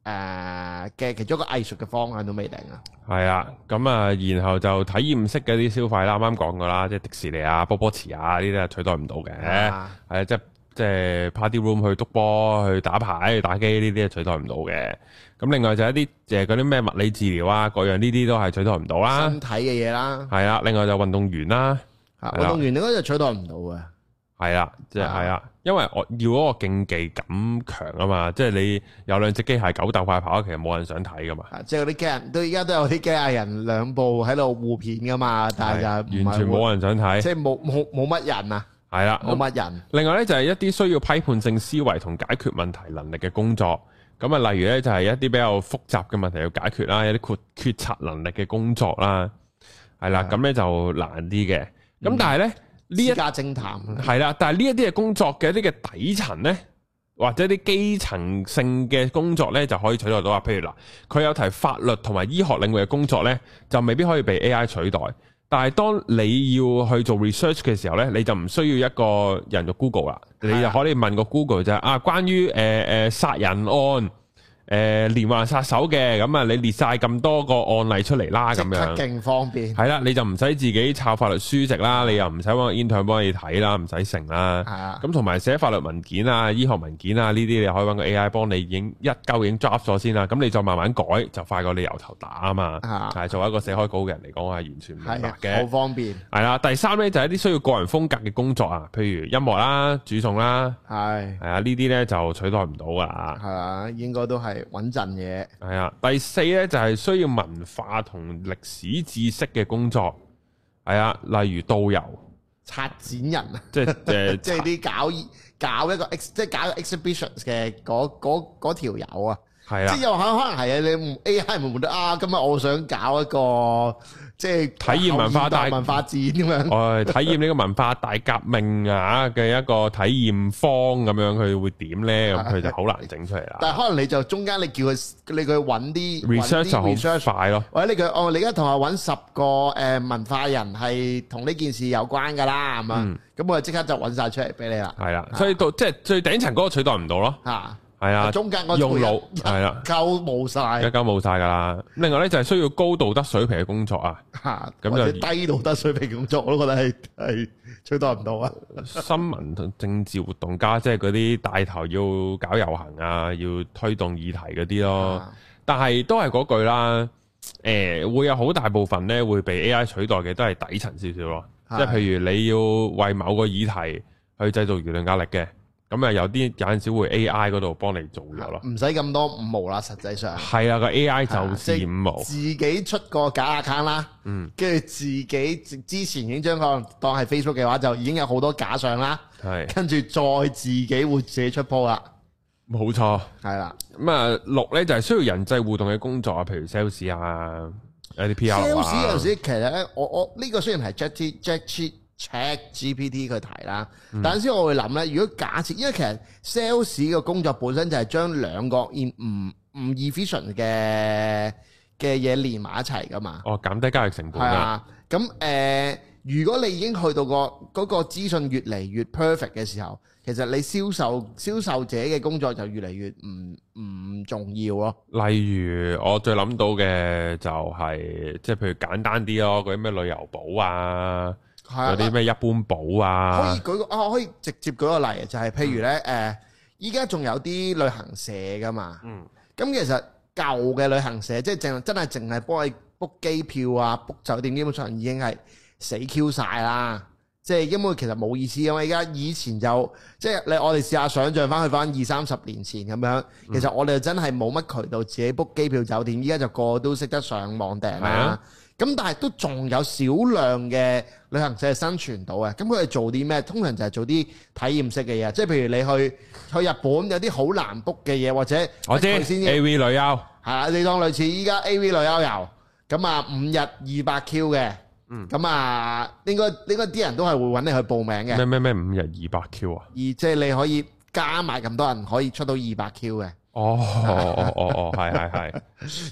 誒嘅、呃、其中一個藝術嘅方向都未定啊，係啊，咁啊，然後就體驗式嘅啲消費啦，啱啱講過啦，即係迪士尼啊、波波池啊呢啲係取代唔到嘅，誒、啊，即係即係 party room 去督波、去打牌、去打機呢啲係取代唔到嘅，咁另外就一啲即嗰啲咩物理治療啊，各樣呢啲都係取代唔到啦，身體嘅嘢啦，係啊。另外就運動員啦，運動員應該就取代唔到嘅。嗯嗯嗯嗯係啦，即係係啦，因為我要嗰個競技感強啊嘛，即係你有兩隻機械狗鬥快跑，其實冇人想睇噶嘛。即係啲機械人都而家都有啲機械人兩部喺度互片噶嘛，但係就完全冇人想睇。即係冇冇冇乜人啊。係啦，冇乜人。另外咧就係一啲需要批判性思維同解決問題能力嘅工作，咁啊，例如咧就係一啲比較複雜嘅問題要解決啦，一啲決決策能力嘅工作啦，係啦，咁咧就難啲嘅。咁但係咧。私家偵探，係啦，但係呢一啲嘅工作嘅呢個底層呢，或者啲基層性嘅工作呢，就可以取代到啊。譬如嗱，佢有提法律同埋醫學領域嘅工作呢，就未必可以被 AI 取代。但係當你要去做 research 嘅時候呢，你就唔需要一個人肉 Google 啦，你就可以問個 Google 就係的啊，關於誒誒、呃呃、殺人案。誒連環殺手嘅咁啊，你列曬咁多個案例出嚟啦，咁樣勁方便。係啦，你就唔使自己抄法律書籍啦，你又唔使揾個 intern 幫你睇啦，唔使成啦。係啊。咁同埋寫法律文件啊、醫學文件啊呢啲，你可以揾個 AI 幫你影一嚿影 drop 咗先啦，咁你再慢慢改，就快過你由頭打啊嘛。係啊。係作為一個寫開稿嘅人嚟講，係完全明白嘅。係啊。好方便。係啦。第三咧就係啲需要個人風格嘅工作啊，譬如音樂啦、主唱啦。係。係啊，呢啲咧就取代唔到㗎。係啊，應該都係。穩陣嘢，係啊！第四咧就係需要文化同歷史知識嘅工作，係啊，例如導遊、策展人啊，即係即係啲搞搞一個 ex，即係搞 exhibition 嘅嗰嗰條友啊，係啊，即係又可可能係啊，你 A I 唔、唔得啊，今日我想搞一個。即係體驗文化大但文化展咁樣，哦、呃，體驗呢個文化大革命啊嘅一個體驗方咁樣，佢會點咧？咁佢就好難整出嚟啦。 但係可能你就中間你，你叫佢你佢揾啲 research 就好快咯。或者你佢哦，你而家同我揾十個誒文化人係同呢件事有關㗎啦，咁啊咁我即刻就揾晒出嚟俾你啦。係啦的，所以到即係最頂層嗰個取代唔到咯嚇。係啊，中間嗰用腦腦係 啊，溝冇晒，一溝冇晒噶啦。另外咧就係需要高道德水平嘅工作啊，咁就者低道德水平嘅工作，我都覺得係係取代唔到啊。 新聞同政治活動家，即係嗰啲帶頭要搞遊行啊，要推動議題嗰啲咯。啊、但係都係嗰句啦，誒、呃，會有好大部分咧會被 AI 取代嘅，都係底層少少咯。即係譬如你要為某個議題去製造輿論壓力嘅。咁啊，有啲有陣時會 AI 嗰度幫你做咗咯，唔使咁多五毛啦，實際上係啊，個 AI 就係五毛，啊就是、自己出個假 account 啦，嗯，跟住自己之前已經將佢當係 Facebook 嘅話，就已經有好多假相啦，係是，跟住再自己會自己出 post 啦，冇錯，係啦、啊，咁啊六咧就係、是、需要人際互動嘅工作啊，譬如 sales 啊，有啲 PR、啊、sales 有時其實咧，我我呢、呢個雖然係 Jackie Jack Check GPT 佢提啦，嗯、但先我會諗咧，如果假設，因為其實 sales 嘅工作本身就係將兩個唔唔 efficient 嘅嘅嘢連埋一齊噶嘛，哦，減低交易成本係啊，咁誒、呃，如果你已經去到個嗰、嗰個資訊越嚟越 perfect 嘅時候，其實你銷售銷售者嘅工作就越嚟越唔唔重要咯。例如我最諗到嘅就係即係譬如簡單啲咯，嗰啲咩旅遊保啊。係啲咩一般保啊？可以舉個哦，可以直接舉個例，就係譬如呢，誒、嗯呃，依家仲有啲旅行社㗎嘛。嗯。咁其實舊嘅旅行社即係淨真係淨係幫你 book 機票啊、book 酒店，基本上已經係死 Q 晒啦。即係因為其實冇意思，因為而家以前就即係你我哋試下想像翻去翻二三十年前咁樣，其實我哋真係冇乜渠道自己 book 機票酒店，依家就個個都識得上網訂啦。嗯嗯。咁但係都仲有少量嘅旅行社生存到嘅，咁佢係做啲咩？通常就係做啲體驗式嘅嘢，即係譬如你去去日本有啲好難 book 嘅嘢，或者我知 A.V. 女優嚇，你當類似依家 A.V. 女優遊，咁啊五日二百 Q 嘅，咁啊、嗯、應該應該啲人都係會揾你去報名嘅。咩咩咩五日二百 Q 啊？而即係你可以加埋咁多人，可以出到二百 Q 嘅。哦哦哦哦哦，係係係，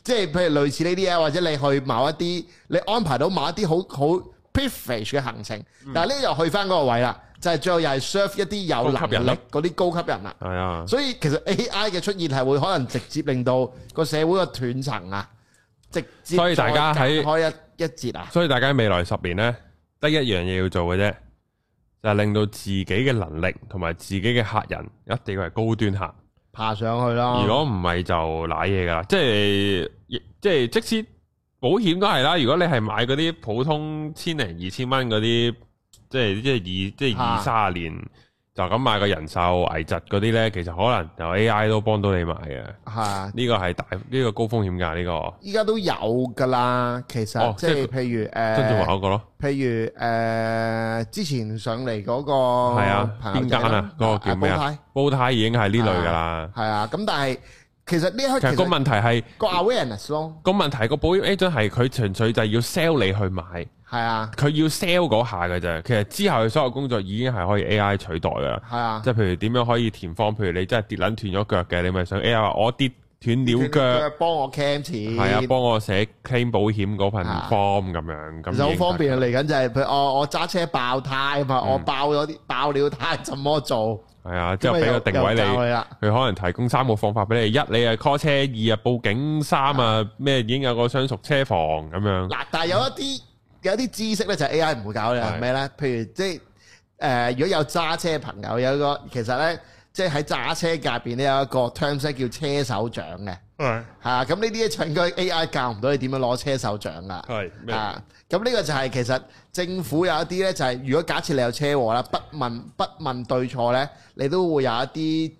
即係譬如類似呢啲啊，或者你去某一啲，你安排到某一啲好好 privilege 嘅行程，但係呢又去翻嗰個位啦，就係、是、最後又係 serve 一啲有能力嗰啲高級人啦。係啊，哎、呀所以其實 AI 嘅出現係會可能直接令到個社會嘅斷層啊，直接。所以大家喺開一一節啊，所以大家未來十年呢，得一樣嘢要做嘅啫，就係、是、令到自己嘅能力同埋自己嘅客人一定要係高端客。爬上去啦！如果唔係就瀨嘢噶啦，即係即係即使保險都係啦。如果你係買嗰啲普通千零二千蚊嗰啲，即係、啊、即係二即係二三年。就咁買個人壽、危疾嗰啲咧，其實可能由 AI 都幫到你買嘅。係啊，呢個係大呢個高風險㗎，呢個。依家都有㗎啦，其實即係譬如誒，曾俊華嗰個咯。譬如誒，之前上嚟嗰個係啊邊間啊？嗰個叫咩啊？保泰已經係呢類㗎啦。係啊，咁但係其實呢一其實個問題係個 awareness 咯。個問題個保險 agent 係佢純粹就係要 sell 你去買。係啊，佢要 sell 嗰下嘅啫，其實之後嘅所有工作已經係可以 AI 取代啦。係啊，即係譬如點樣可以填 form？譬如你真係跌捻斷咗腳嘅，你咪想：「AI，我跌斷了腳，幫我 claim 錢，係啊，幫我寫 claim 保險嗰份 form 咁樣咁。好方便嚟緊就係譬如我我揸車爆胎嘛，我爆咗啲爆了胎，怎麼做？係啊，之後俾個定位你，佢可能提供三個方法俾你：一，你係 call 車；二啊，報警；三啊，咩已經有個專屬車房咁樣。嗱，但係有一啲。有啲知識咧就係 A.I. 唔會搞嘅咩咧？的譬如即係誒，如果有揸車嘅朋友有個其實咧，即係喺揸車界邊咧有一個，個 term 咧叫車手掌嘅，嚇咁呢啲嘢應該 A.I. 教唔到你點樣攞車手掌啊！係、嗯、啊，咁呢、嗯、個就係其實政府有一啲咧就係、是，如果假設你有車禍啦，不問不問對錯咧，你都會有一啲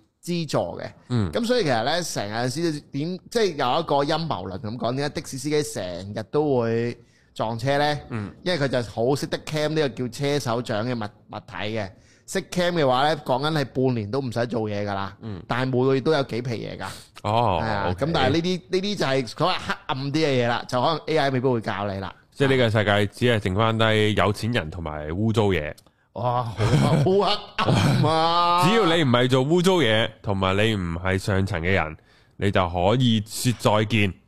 資助嘅。嗯，咁、啊、所以其實咧成日點即係有一個陰謀論咁講，點解的士司機成日都會？撞車呢，嗯、因為佢就好識得 cam 呢個叫車手掌嘅物物體嘅，識 cam 嘅話呢，講緊係半年都唔使做嘢㗎喇。嗯、但係每個月都有幾皮嘢㗎。哦，咁、啊、okay 但係呢啲呢啲就係所謂黑暗啲嘅嘢啦，就可能 AI 未必會教你啦。即係呢個世界只係剩返低有錢人同埋污糟嘢。哇，好黑啊！黑暗啊 只要你唔係做污糟嘢，同埋你唔係上層嘅人，你就可以説再見。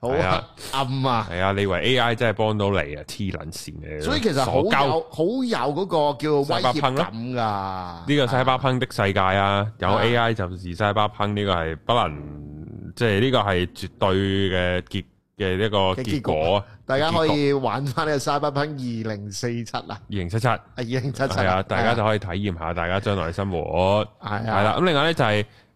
好黑暗啊！係啊，你以為 AI 真係幫到你啊？黐撚線嘅，所以其實好有好有嗰個叫威脅感噶。呢個 Cyberpunk 的世界啊，有 AI 就是 Cyberpunk 呢個係不能，即係呢個係絕對嘅結嘅一個結果。大家可以玩翻呢個 Cyberpunk 二零四七啊，二零七七啊，二零七七啊，大家就可以體驗下大家將來嘅生活。係啦，咁另外咧就係。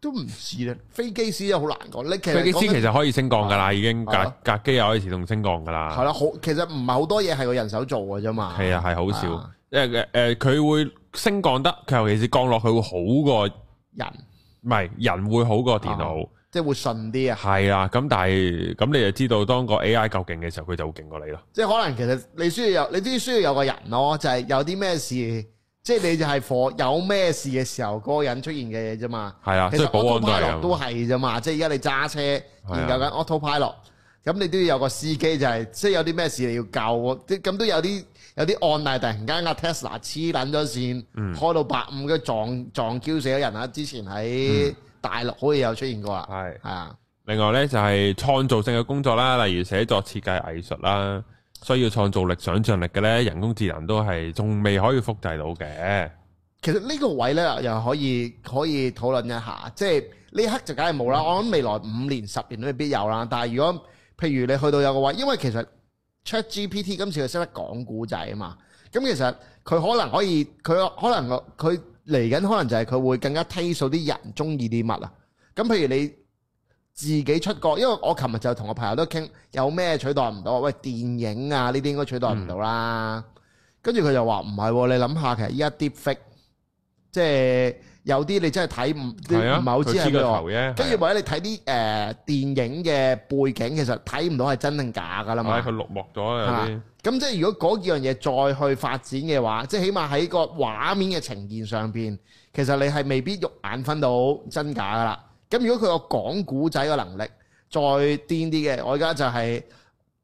都唔知咧，飛機師又好難講。你其實飛機師其實可以升降噶啦，已經架架機又可以自動升降噶啦。係啦，好其實唔係好多嘢係個人手做嘅啫嘛。係啊，係好少。誒誒佢會升降得，佢尤其是降落去會好過人。唔係人會好過電腦，即係會順啲啊。係啊，咁但係咁你就知道，當個 AI 夠勁嘅時候，佢就會勁過你咯。即係可能其實你需要有，你必須要有個人咯，就係有啲咩事。即係你就係火，有咩事嘅時候嗰個人出現嘅嘢啫嘛。係啊，即係保安都係啫嘛。即係而家你揸車的研究緊 Autopilot，咁你都要有個司機就係、係，即係有啲咩事你要救。即咁都有啲有啲案例，突然間阿 Tesla 黐撚咗線，開、嗯、到八五嘅撞撞焦死咗人啊！之前喺大陸好似有出現過啊。係係啊。的的另外咧就係創造性嘅工作啦，例如寫作、設計、藝術啦。需要創造力、想象力嘅咧，人工智能都係仲未可以複製到嘅。其實呢個位咧，又可以可以討論一下。即係呢刻就梗係冇啦。嗯、我諗未來五年、十年都未必有啦。但係如果譬如你去到有個位，因為其實 ChatGPT 今次佢識得講古仔啊嘛。咁其實佢可能可以，佢可能佢嚟緊，可能，可能就係佢會更加睇數啲人中意啲乜啊。咁譬如你。自己出國，因為我琴日就同我朋友都傾，有咩取代唔到？喂，電影啊，呢啲應該取代唔到啦。跟住佢就話唔係喎，你諗下其實依一啲 deep fake，即係有啲你真係睇唔唔係好似係。跟住或者你睇啲誒電影嘅背景，其實睇唔到係真定假噶啦嘛。佢落幕咗有啲。咁即係如果嗰幾樣嘢再去發展嘅話，即係起碼喺個畫面嘅呈現上邊，其實你係未必肉眼分到真假噶啦。咁如果佢有講古仔嘅能力再癲啲嘅，我而家就係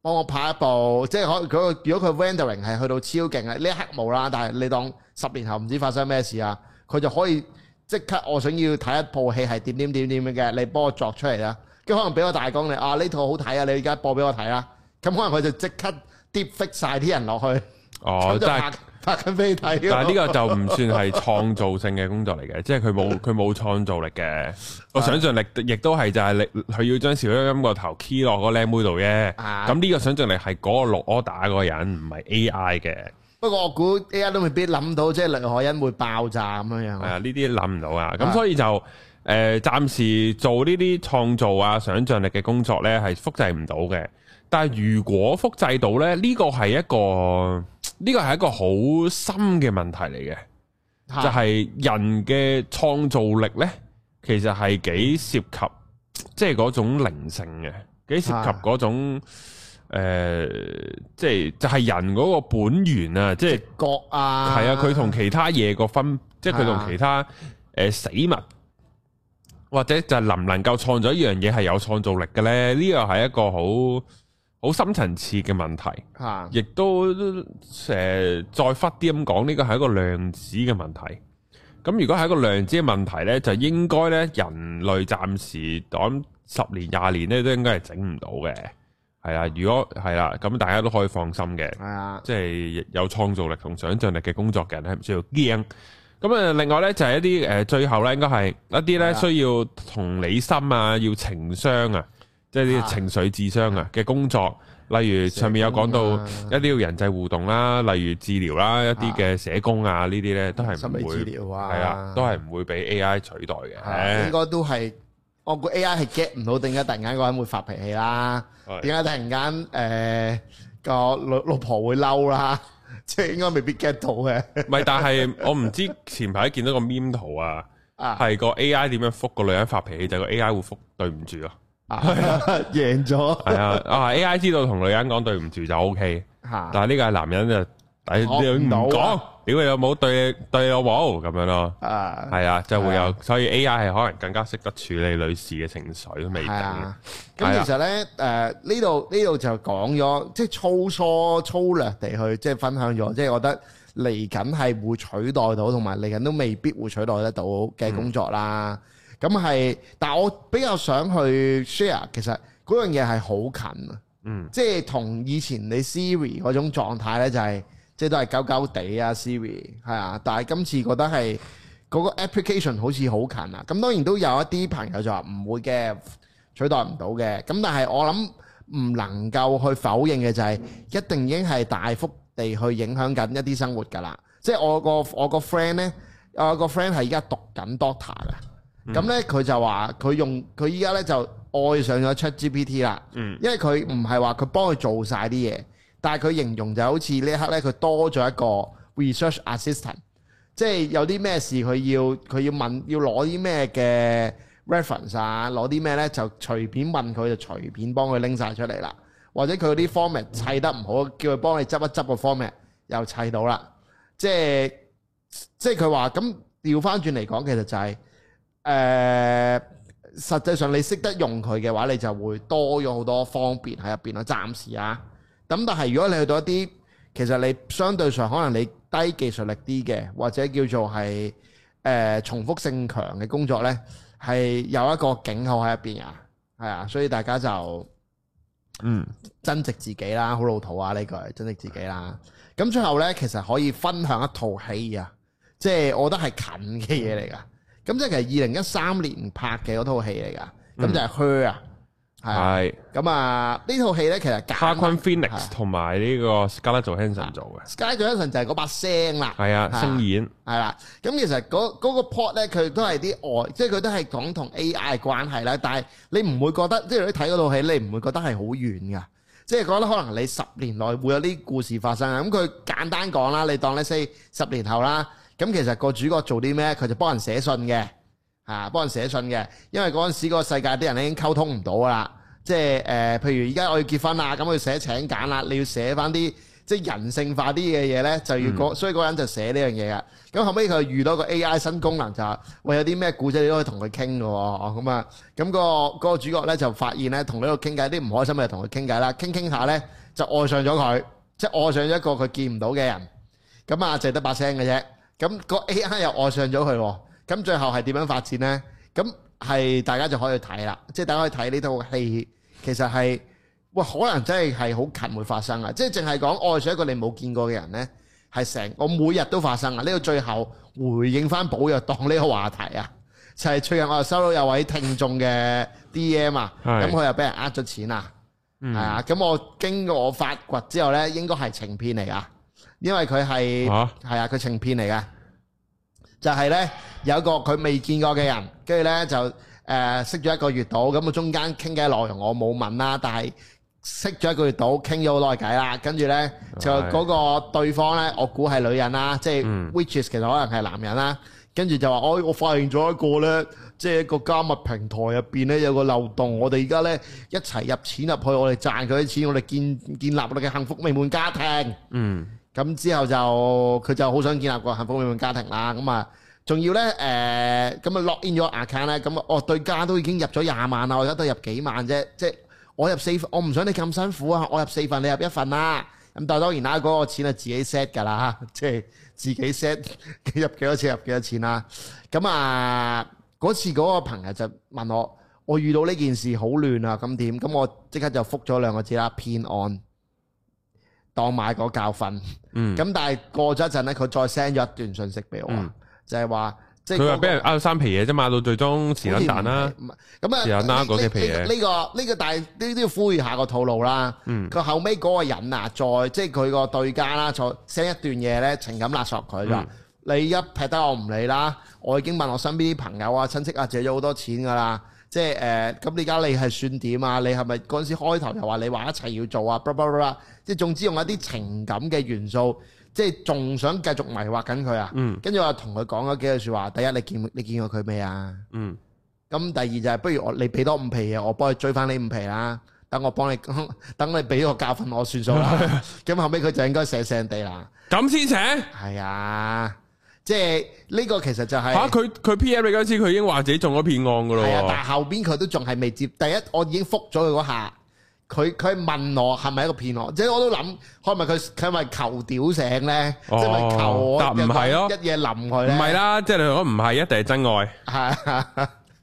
幫我拍一部，即係可佢如果佢 rendering 係去到超勁啊，呢一刻冇啦，但係你當十年後唔知發生咩事啊，佢就可以即刻我想要睇一部戲係點點點點嘅，你幫我作出嚟啦，跟可能俾我大工你啊，呢套好睇啊，你而家播俾我睇啦，咁可能佢就即刻跌飛晒啲人落去。哦，即係拍緊飛睇，但係呢個就唔算係創造性嘅工作嚟嘅，即係佢冇佢冇創造力嘅，個想象力亦都係就係你佢要將小欣欣個頭 key 落嗰靚妹度啫。咁呢個想象力係嗰個落 order 嗰個人唔係 AI 嘅。不過我估 AI 都未必諗到，即係梁海欣會爆炸咁樣樣。係啊，呢啲諗唔到啊。咁所以就誒暫時做呢啲創造啊、想象力嘅工作咧，係複製唔到嘅。但係如果複製到咧，呢個係一個。呢個係一個好深嘅問題嚟嘅，的就係人嘅創造力咧，其實係幾涉及，嗯、即係嗰種靈性嘅，幾涉及嗰種的、呃、即係就係人嗰個本源啊，即係覺啊，係啊，佢同其他嘢個分，的即係佢同其他誒、呃、死物，或者就係能唔能夠創造一樣嘢係有創造力嘅咧？呢個係一個好好深層次嘅問題，亦都誒再忽啲咁講，呢個係一個量子嘅問題。咁如果係一個量子嘅問題咧，就應該咧人類暫時我諗十年廿年咧，都應該係整唔到嘅。係啦，如果係啦，咁大家都可以放心嘅。係啊，即係有創造力同想像力嘅工作嘅人咧，唔需要驚。咁啊，另外咧就係一啲誒最後咧，應該係一啲咧需要同理心啊，要情商啊。即係啲情緒智商啊嘅工作，例如上面有講到一啲要人際互動啦，例如治療啦一啲嘅社工啊，呢啲咧都係唔會，係啊，都係唔會俾 AI 取代嘅。應該都係我估 AI 係 get 唔到點解突然間個人會發脾氣啦？點解突然間誒個老老婆會嬲啦？即係應該未必 get 到嘅。唔係，但係我唔知前排見到個 meme 圖啊，係個 AI 點樣覆個女人發脾氣，就係個 AI 會覆對唔住咯。係啊，贏咗 贏了。係啊，啊 A I 知道同女人講對唔住就 O、OK, K 的。吓，但係呢個係男人就，但係的你唔講，屌、啊、你有冇對對我冇，咁、哦、樣咯。啊，係啊，就會有，所以 A I 係可能更加識得處理女士嘅情緒都未定。咁其實咧，誒呢度呢度就講咗，即、就、係、是、粗疏粗略地去即係、就是、分享咗，即、就、係、是、我覺得嚟緊係會取代到，同埋嚟緊都未必會取代得到嘅工作啦。嗯咁係，但係我比較想去 share。其實嗰樣嘢係好近啊，嗯，即係同以前你 Siri 嗰種狀態咧，就係、是、即係都係鳩鳩地啊。Siri 係啊，但係今次覺得係嗰個 application 好似好近啊。咁當然都有一啲朋友就話唔會嘅取代唔到嘅。咁但係我諗唔能夠去否認嘅就係一定已經係大幅地去影響緊一啲生活㗎啦。即係我個我個 friend 呢，我個 friend 係而家讀緊 Doctor 嘅。咁咧，佢就話佢用佢依家咧就愛上咗 ChatGPT 啦。嗯、因為佢唔係話佢幫佢做晒啲嘢，但係佢形容就好似呢一刻咧，佢多咗一個 research assistant，即係有啲咩事佢要佢要問要攞啲咩嘅 reference 啊，攞啲咩咧就隨便問佢就隨便幫佢拎晒出嚟啦。或者佢啲 format 砌得唔好，叫佢幫你執一執個 format 又砌到啦。即係即係佢話咁調翻轉嚟講，其實就係、是。誒、呃，實際上你識得用佢嘅話，你就會多咗好多方便喺入邊咯。暫時啊，咁但係如果你去到一啲，其實你相對上可能你低技術力啲嘅，或者叫做係誒、呃、重複性強嘅工作呢，係有一個警號喺入邊啊，係啊，所以大家就嗯增值自己啦。好、嗯、老土啊呢句，這個、增值自己啦。咁最後呢，其實可以分享一套戲啊，即、就、係、是、我覺得係近嘅嘢嚟㗎。嗯咁即係其實二零一三年拍嘅嗰套戲嚟噶，咁就係 Her 啊，係，咁啊呢套戲咧其實賈昆 Phoenix 同埋呢個 Scarlett Johansson 做嘅，Scarlett Johansson 就係嗰把聲啦，係啊聲演，係啦，咁其實嗰嗰個 plot 咧佢都係啲外，即係佢都係講同 AI 關係啦，但係你唔會覺得，即係你睇嗰套戲你唔會覺得係好遠噶，即係覺得可能你十年內會有啲故事發生啊，咁佢簡單講啦，你當你 say 十年後啦。咁其實個主角做啲咩？佢就幫人寫信嘅，吓幫人寫信嘅。因為嗰陣時嗰個世界啲人咧已經溝通唔到啦，即係誒，譬如而家我要結婚啦，咁我要寫請柬啦，你要寫翻啲即係人性化啲嘅嘢咧，就要個，所以嗰人就寫呢樣嘢嘅。咁後尾佢遇到個 A.I 新功能就，喂有啲咩故仔都可以同佢傾嘅，咁啊，咁個嗰個主角咧就發現咧，同你度傾偈，啲唔開心嘅同佢傾偈啦，傾傾下咧就愛上咗佢，即係愛上咗一個佢見唔到嘅人，咁啊淨得把聲嘅啫。咁個 A.I. 又愛上咗佢，咁最後係點樣發展呢？咁係大家就可以睇啦，即係大家可以睇呢套戲，其實係哇、呃，可能真係係好近會發生啊！即係淨係講愛上一個你冇見過嘅人呢，係成我每日都發生啊！呢、這個最後回應翻寶藥黨呢個話題啊，就係、是、最近我又收到有位聽眾嘅 D.M. 啊，咁佢又俾人呃咗錢啊，係啊，咁我經過我發掘之後呢，應該係情片嚟㗎！因為佢係係啊，佢情騙嚟嘅，就係咧有個佢未見過嘅人，跟住咧就誒識咗一個月到，咁啊中間傾嘅內容我冇問啦，但係識咗一個月到，傾咗好耐偈啦，跟住咧就嗰個對方咧，我估係女人啦，即係 witches 其實可能係男人啦，跟住就話我我發現咗一個咧，即係一個加密平台入邊咧有個漏洞，我哋而家咧一齊入錢入去，我哋賺佢啲錢，我哋建建立我哋嘅幸福美滿家庭。嗯。咁之後就佢就好想建立個幸福美滿家庭啦，咁啊，仲要呢，誒、呃，咁啊 lock in 咗 account 咧，咁、哦、啊，我對家都已經入咗廿萬啦，我而家都入幾萬啫，即係我入四，份，我唔想你咁辛苦啊，我入四份，你入一份啦、啊。咁但係當然啦，嗰、那個錢係自己 set 㗎啦，即係自己 set 入幾多錢入幾多錢啦。咁啊，嗰、啊、次嗰個朋友就問我，我遇到呢件事好亂啊，咁點？咁我即刻就覆咗兩個字啦，騙案。當買個教訓，咁、嗯、但係過咗一陣咧，佢再 send 咗一段信息俾我、嗯、就係話即係佢話俾人呃三皮嘢啫嘛，到最終錢散啦，咁啊又呃幾皮嘢。呢、這個呢、這個但係呢都要呼籲下個套路啦。佢、嗯、後尾嗰個人啊，再即係佢個對家啦，再 send 一段嘢咧，情感勒索佢噶、嗯。你一撇低我唔理啦，我已經問我身邊啲朋友親啊、親戚啊借咗好多錢噶啦。即係誒，咁、呃、你而家你係算點啊？你係咪嗰陣時開頭又話你話一齊要做啊？Blah、blah blah blah, 即係總之用一啲情感嘅元素，即係仲想繼續迷惑緊佢啊！嗯，跟住我同佢講咗幾句説話。第一，你見你見過佢未啊？嗯。咁第二就係、是、不如我你俾多五皮嘢，我幫你追翻你五皮啦。等我幫你，等你俾個教訓我算數啦。咁 後尾，佢就應該寫聲地啦。咁先寫？係啊。即係呢個其實就係吓佢，佢 P M 你嗰陣時佢已經話自己中咗騙案噶咯係啊，但後邊佢都仲係未接。第一我已經複咗佢嗰下佢，佢問我係咪一個騙案。即係我都諗係咪佢，佢係求屌醒咧、哦、即係求我答唔係咯，一夜冧佢唔係啦，即係、就是、你可唔係一定係真愛係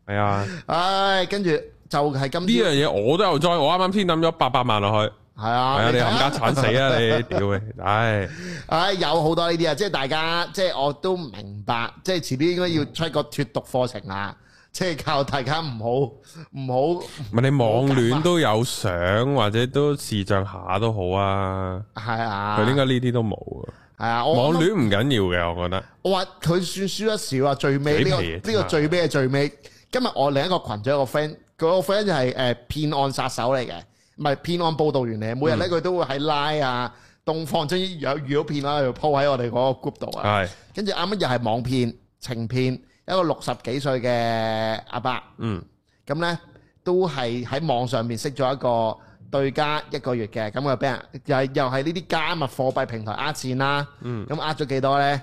係啊，唉，跟住就係咁呢樣嘢我都有栽，我啱啱先抌咗八百萬落去。係啊，你冚家慘死啊！你屌你，唉，唉，有好多呢啲啊，即係大家，即係我都唔明白，即係遲啲應該要出個脫毒課程啦，即係教大家唔好唔好。唔係你網戀都有相或者都視像下都好啊。係啊，佢應該呢啲都冇啊。係啊，網戀唔緊要嘅，我覺得。我話佢算輸得少啊，最尾呢個呢個最尾係最尾、啊。今日我另一個群組有個 friend，嗰個 friend 就係誒騙案殺手嚟嘅。唔係騙案報導員嚟，每日咧佢都會喺拉啊，東方終於有預咗片啦，就鋪喺我哋嗰個 group 度啊。係是，跟住啱啱又係網騙、情騙，一個六十幾歲嘅阿伯，嗯，咁咧都係喺網上面識咗一個對家一個月嘅，咁佢又俾人又係又係呢啲加密貨幣平台呃錢啦，嗯，咁呃咗幾多咧？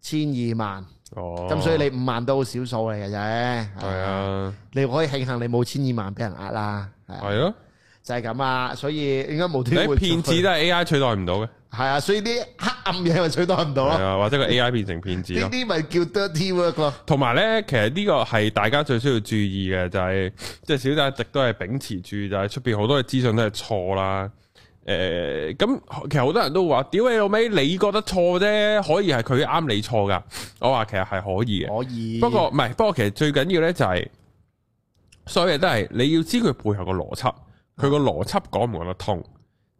千二萬，哦，咁所以你五萬都好少數嚟嘅啫，係啊，的你可以慶幸你冇千二萬俾人呃啦，係咯。的就係咁啊，所以應該冇啲。誒，騙子都係 A I 取代唔到嘅。係啊，所以啲黑暗嘢咪取代唔到咯。或者個 A I 變成騙子。呢啲咪叫 dirty work 咯。同埋咧，其實呢個係大家最需要注意嘅，就係即係小弟一直都係秉持住就係出邊好多嘅資訊都係錯啦。誒、呃，咁其實好多人都話，屌你老味，你覺得錯啫，可以係佢啱，你錯噶。我話其實係可以嘅，可以。不過唔係，不過其實最緊要咧就係，所以都係你要知佢背後嘅邏輯。佢個邏輯講唔講得通？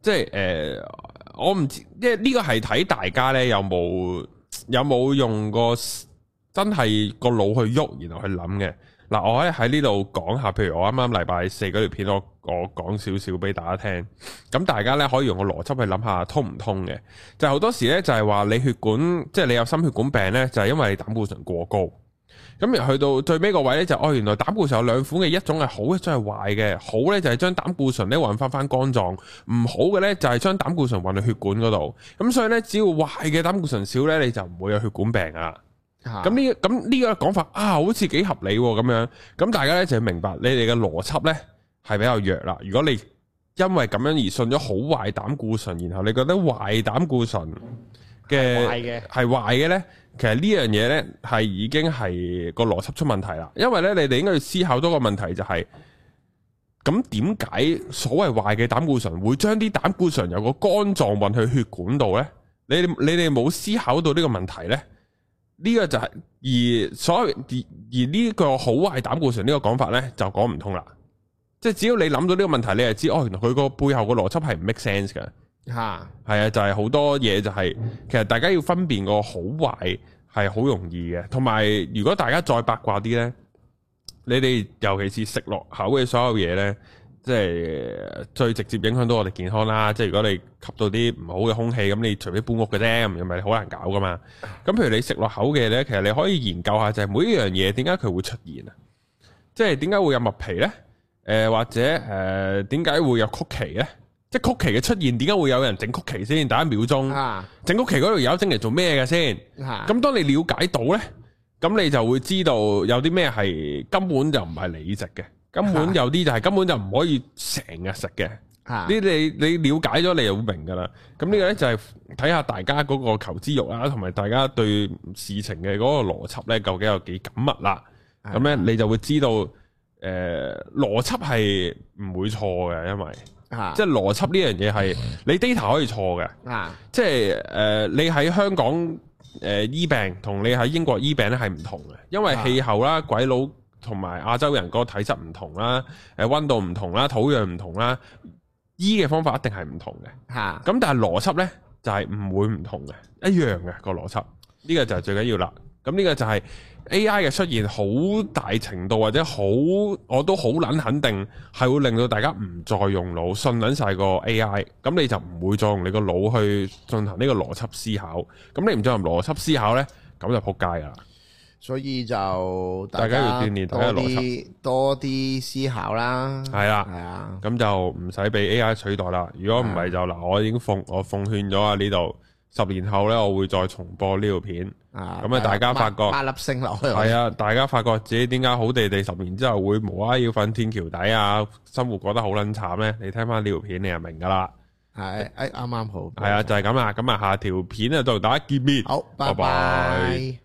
即係誒、呃，我唔知，即係呢個係睇大家咧有冇有冇用個真係個腦去喐，然後去諗嘅。嗱、呃，我可以喺呢度講下，譬如我啱啱禮拜四嗰條片，我我講少少俾大家聽。咁大家咧可以用個邏輯去諗下通唔通嘅。就係好多時咧就係話你血管，即係你有心血管病咧，就係因為膽固醇過高。咁而去到最尾個位呢、就是，就哦，原來膽固醇有兩款嘅，一種係好，一種係壞嘅。好呢，就係將膽固醇呢運翻翻肝臟，唔好嘅呢，就係將膽固醇運到血管嗰度。咁所以呢，只要壞嘅膽固醇少呢，你就唔會有血管病啊。咁呢咁呢個講法啊，好似幾合理咁樣。咁大家呢，就要明白你哋嘅邏輯呢係比較弱啦。如果你因為咁樣而信咗好壞膽固醇，然後你覺得壞膽固醇。嘅係壞嘅咧，其實呢樣嘢咧係已經係個邏輯出問題啦。因為咧，你哋應該要思考多個問題，就是，就係咁點解所謂壞嘅膽固醇會將啲膽固醇由個肝臟運去血管度咧？你你哋冇思考到呢個問題咧，呢、這個就係，是、而所謂而呢個好壞膽固醇個呢個講法咧就講唔通啦。即係只要你諗到呢個問題，你係知哦，原來佢個背後個邏輯係唔 make sense 嘅。吓，係啊哈，就係好多嘢就係，其實大家要分辨個好壞係好容易嘅。同埋，如果大家再八卦啲呢，你哋尤其是食落口嘅所有嘢呢，即係最直接影響到我哋健康啦。即係如果你吸到啲唔好嘅空氣，咁你除非搬屋嘅啫，又咪好難搞噶嘛。咁譬如你食落口嘅呢，其實你可以研究下就係每一樣嘢點解佢會出現啊？即係點解會有麥皮呢？誒，或者誒，點解會有曲奇呢？即係曲奇嘅出現，點解會有人整曲奇先？等一秒鐘。啊！整曲奇嗰條友整嚟做咩嘅先？啊！咁當你了解到咧，咁你就會知道有啲咩係根本就唔係理直嘅，根本有啲就係根本就唔可以成日食嘅。啊！呢你你了解咗，你就會明噶啦。咁呢個咧就係睇下大家嗰個求知欲啦，同埋大家對事情嘅嗰個邏輯咧，究竟有幾緊密啦。咁咧、啊，你就會知道，誒、呃，邏輯係唔會錯嘅，因為。即係邏輯呢樣嘢係，你 data 可以錯嘅啊！即係誒，你喺香港誒、呃、醫病同你喺英國醫病咧係唔同嘅，因為氣候啦、啊、鬼佬同埋亞洲人個體質唔同啦、啊、誒溫度唔同啦、啊、土壤唔同啦、啊，醫嘅方法一定係唔同嘅。吓、啊！咁但係邏輯呢，就係、係、唔會唔同嘅，一樣嘅、個邏輯，呢、呢個就係最緊要啦。咁呢個就係、係。A.I. 嘅出現好大程度，或者好我都好捻肯定，係會令到大家唔再用腦，信捻晒個 A.I. 咁你就唔會再用你個腦去進行呢個邏輯思考。咁你唔進行邏輯思考呢，咁就撲街啊！所以就大家，大家要鍛煉多啲，多啲思考啦。係啦，係啊，咁就唔使畀 A.I. 取代啦。如果唔係就嗱，我已經奉我奉勸咗啊呢度。十年後咧，我會再重播呢條片，咁啊大家發覺，阿啊，大家發覺自己點解好地地十年之後會無啦要瞓天橋底啊，生活過得好撚慘咧？你聽翻呢條片，你就明噶啦。係，誒啱啱好。係啊，就係咁啊，咁啊，下條片啊，就到大家見面。好，拜拜。